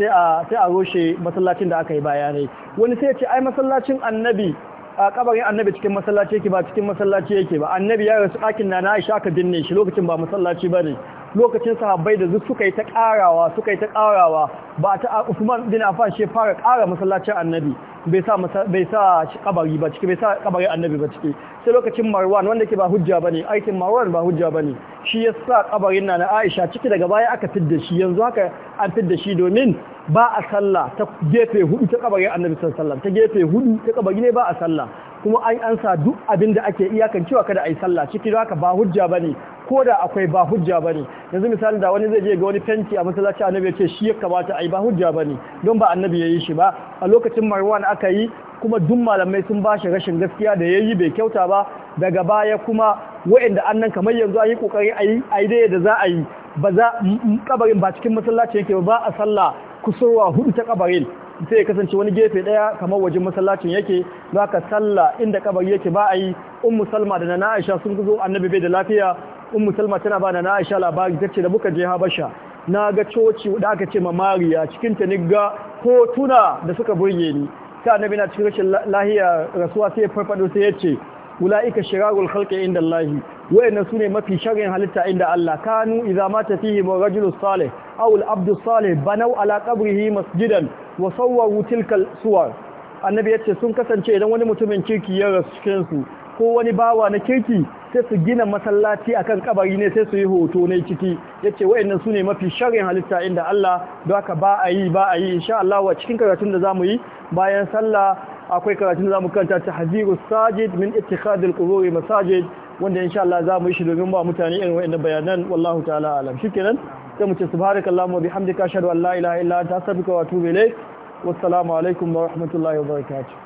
sai a sai a roshe masallacin da aka yi bayanai wani sai ya ce ai masallacin annabi a kabarin annabi cikin masallaci yake ba cikin masallaci yake ba annabi ya rasu ɗakin na Aisha aka binne shi lokacin ba masallaci bane lokacin sahabbai da suka yi ta karawa suka yi ta karawa ba ta Usman bin Affan shi fara kara masallacin annabi bai sa bai sa kabari ba ciki bai sa kabarin annabi ba ciki sai lokacin Marwan wanda ke ba hujja bane aikin Marwan ba hujja bane shi ya sa kabarin na Aisha ciki daga baya aka fidda shi yanzu haka an fidda shi domin ba a sallah ta gefe hudu ta kabarin annabi sallallahu ta gefe hudu ta kabari ne ba a sallah kuma an ansa duk abin da ake iyakan cewa kada a yi sallah ciki da haka ba hujja bane ko da akwai ba hujja bane yanzu misali da wani zai je ga wani fenti a masallaci annabi ya ce shi ya kamata a yi ba hujja bane don ba annabi ya yi shi ba a lokacin marwan aka yi kuma duk malamai sun ba shi rashin gaskiya da yayi bai kyauta ba daga baya kuma wa'anda annan kamar yanzu an yi kokari ayi yi da za a yi ba za kabarin ba cikin masallaci yake ba a sallah kusurwa hudu ta kabarin sai ya kasance wani gefe daya kamar wajen masallacin yake za ka sallah inda kabari yake ba a yi ummu salma da na aisha sun zo annabi bai da lafiya ummu salma tana ba na aisha labari tace da muka je habasha na ga coci da aka ce mamariya cikin ta nigga ko tuna da suka burge ni ta annabi na cikin rashin lahiya rasuwa sai ya farfado sai ya ce ulaika shirarul khalqi inda allahi wayannan sune mafi sharrin halitta inda Allah kanu idza mata fihi rajul salih aw al abd salih banaw ala qabrihi masjidan wa sawwaru tilka suwar annabi yace sun kasance idan wani mutumin kirki ya rasu cikin su ko wani bawa na kirki sai su gina masallaci akan kabari ne sai su yi hoto ne ciki yace wayannan sune mafi sharrin halitta inda Allah don haka ba a yi ba a yi insha Allah wa cikin karatun da zamu yi bayan sallah akwai karatun da zamu kanta tahzirus sajid min ittikhadil qubur masajid wanda insha Allah za mu yi shi domin ba mutane irin wayannan bayanan wallahu ta'ala alam kenan sai mu ce subhanakallahumma bihamdika ashhadu an la ilaha illa anta astaghfiruka wa atubu ilaik wassalamu alaikum wa rahmatullahi wa barakatuh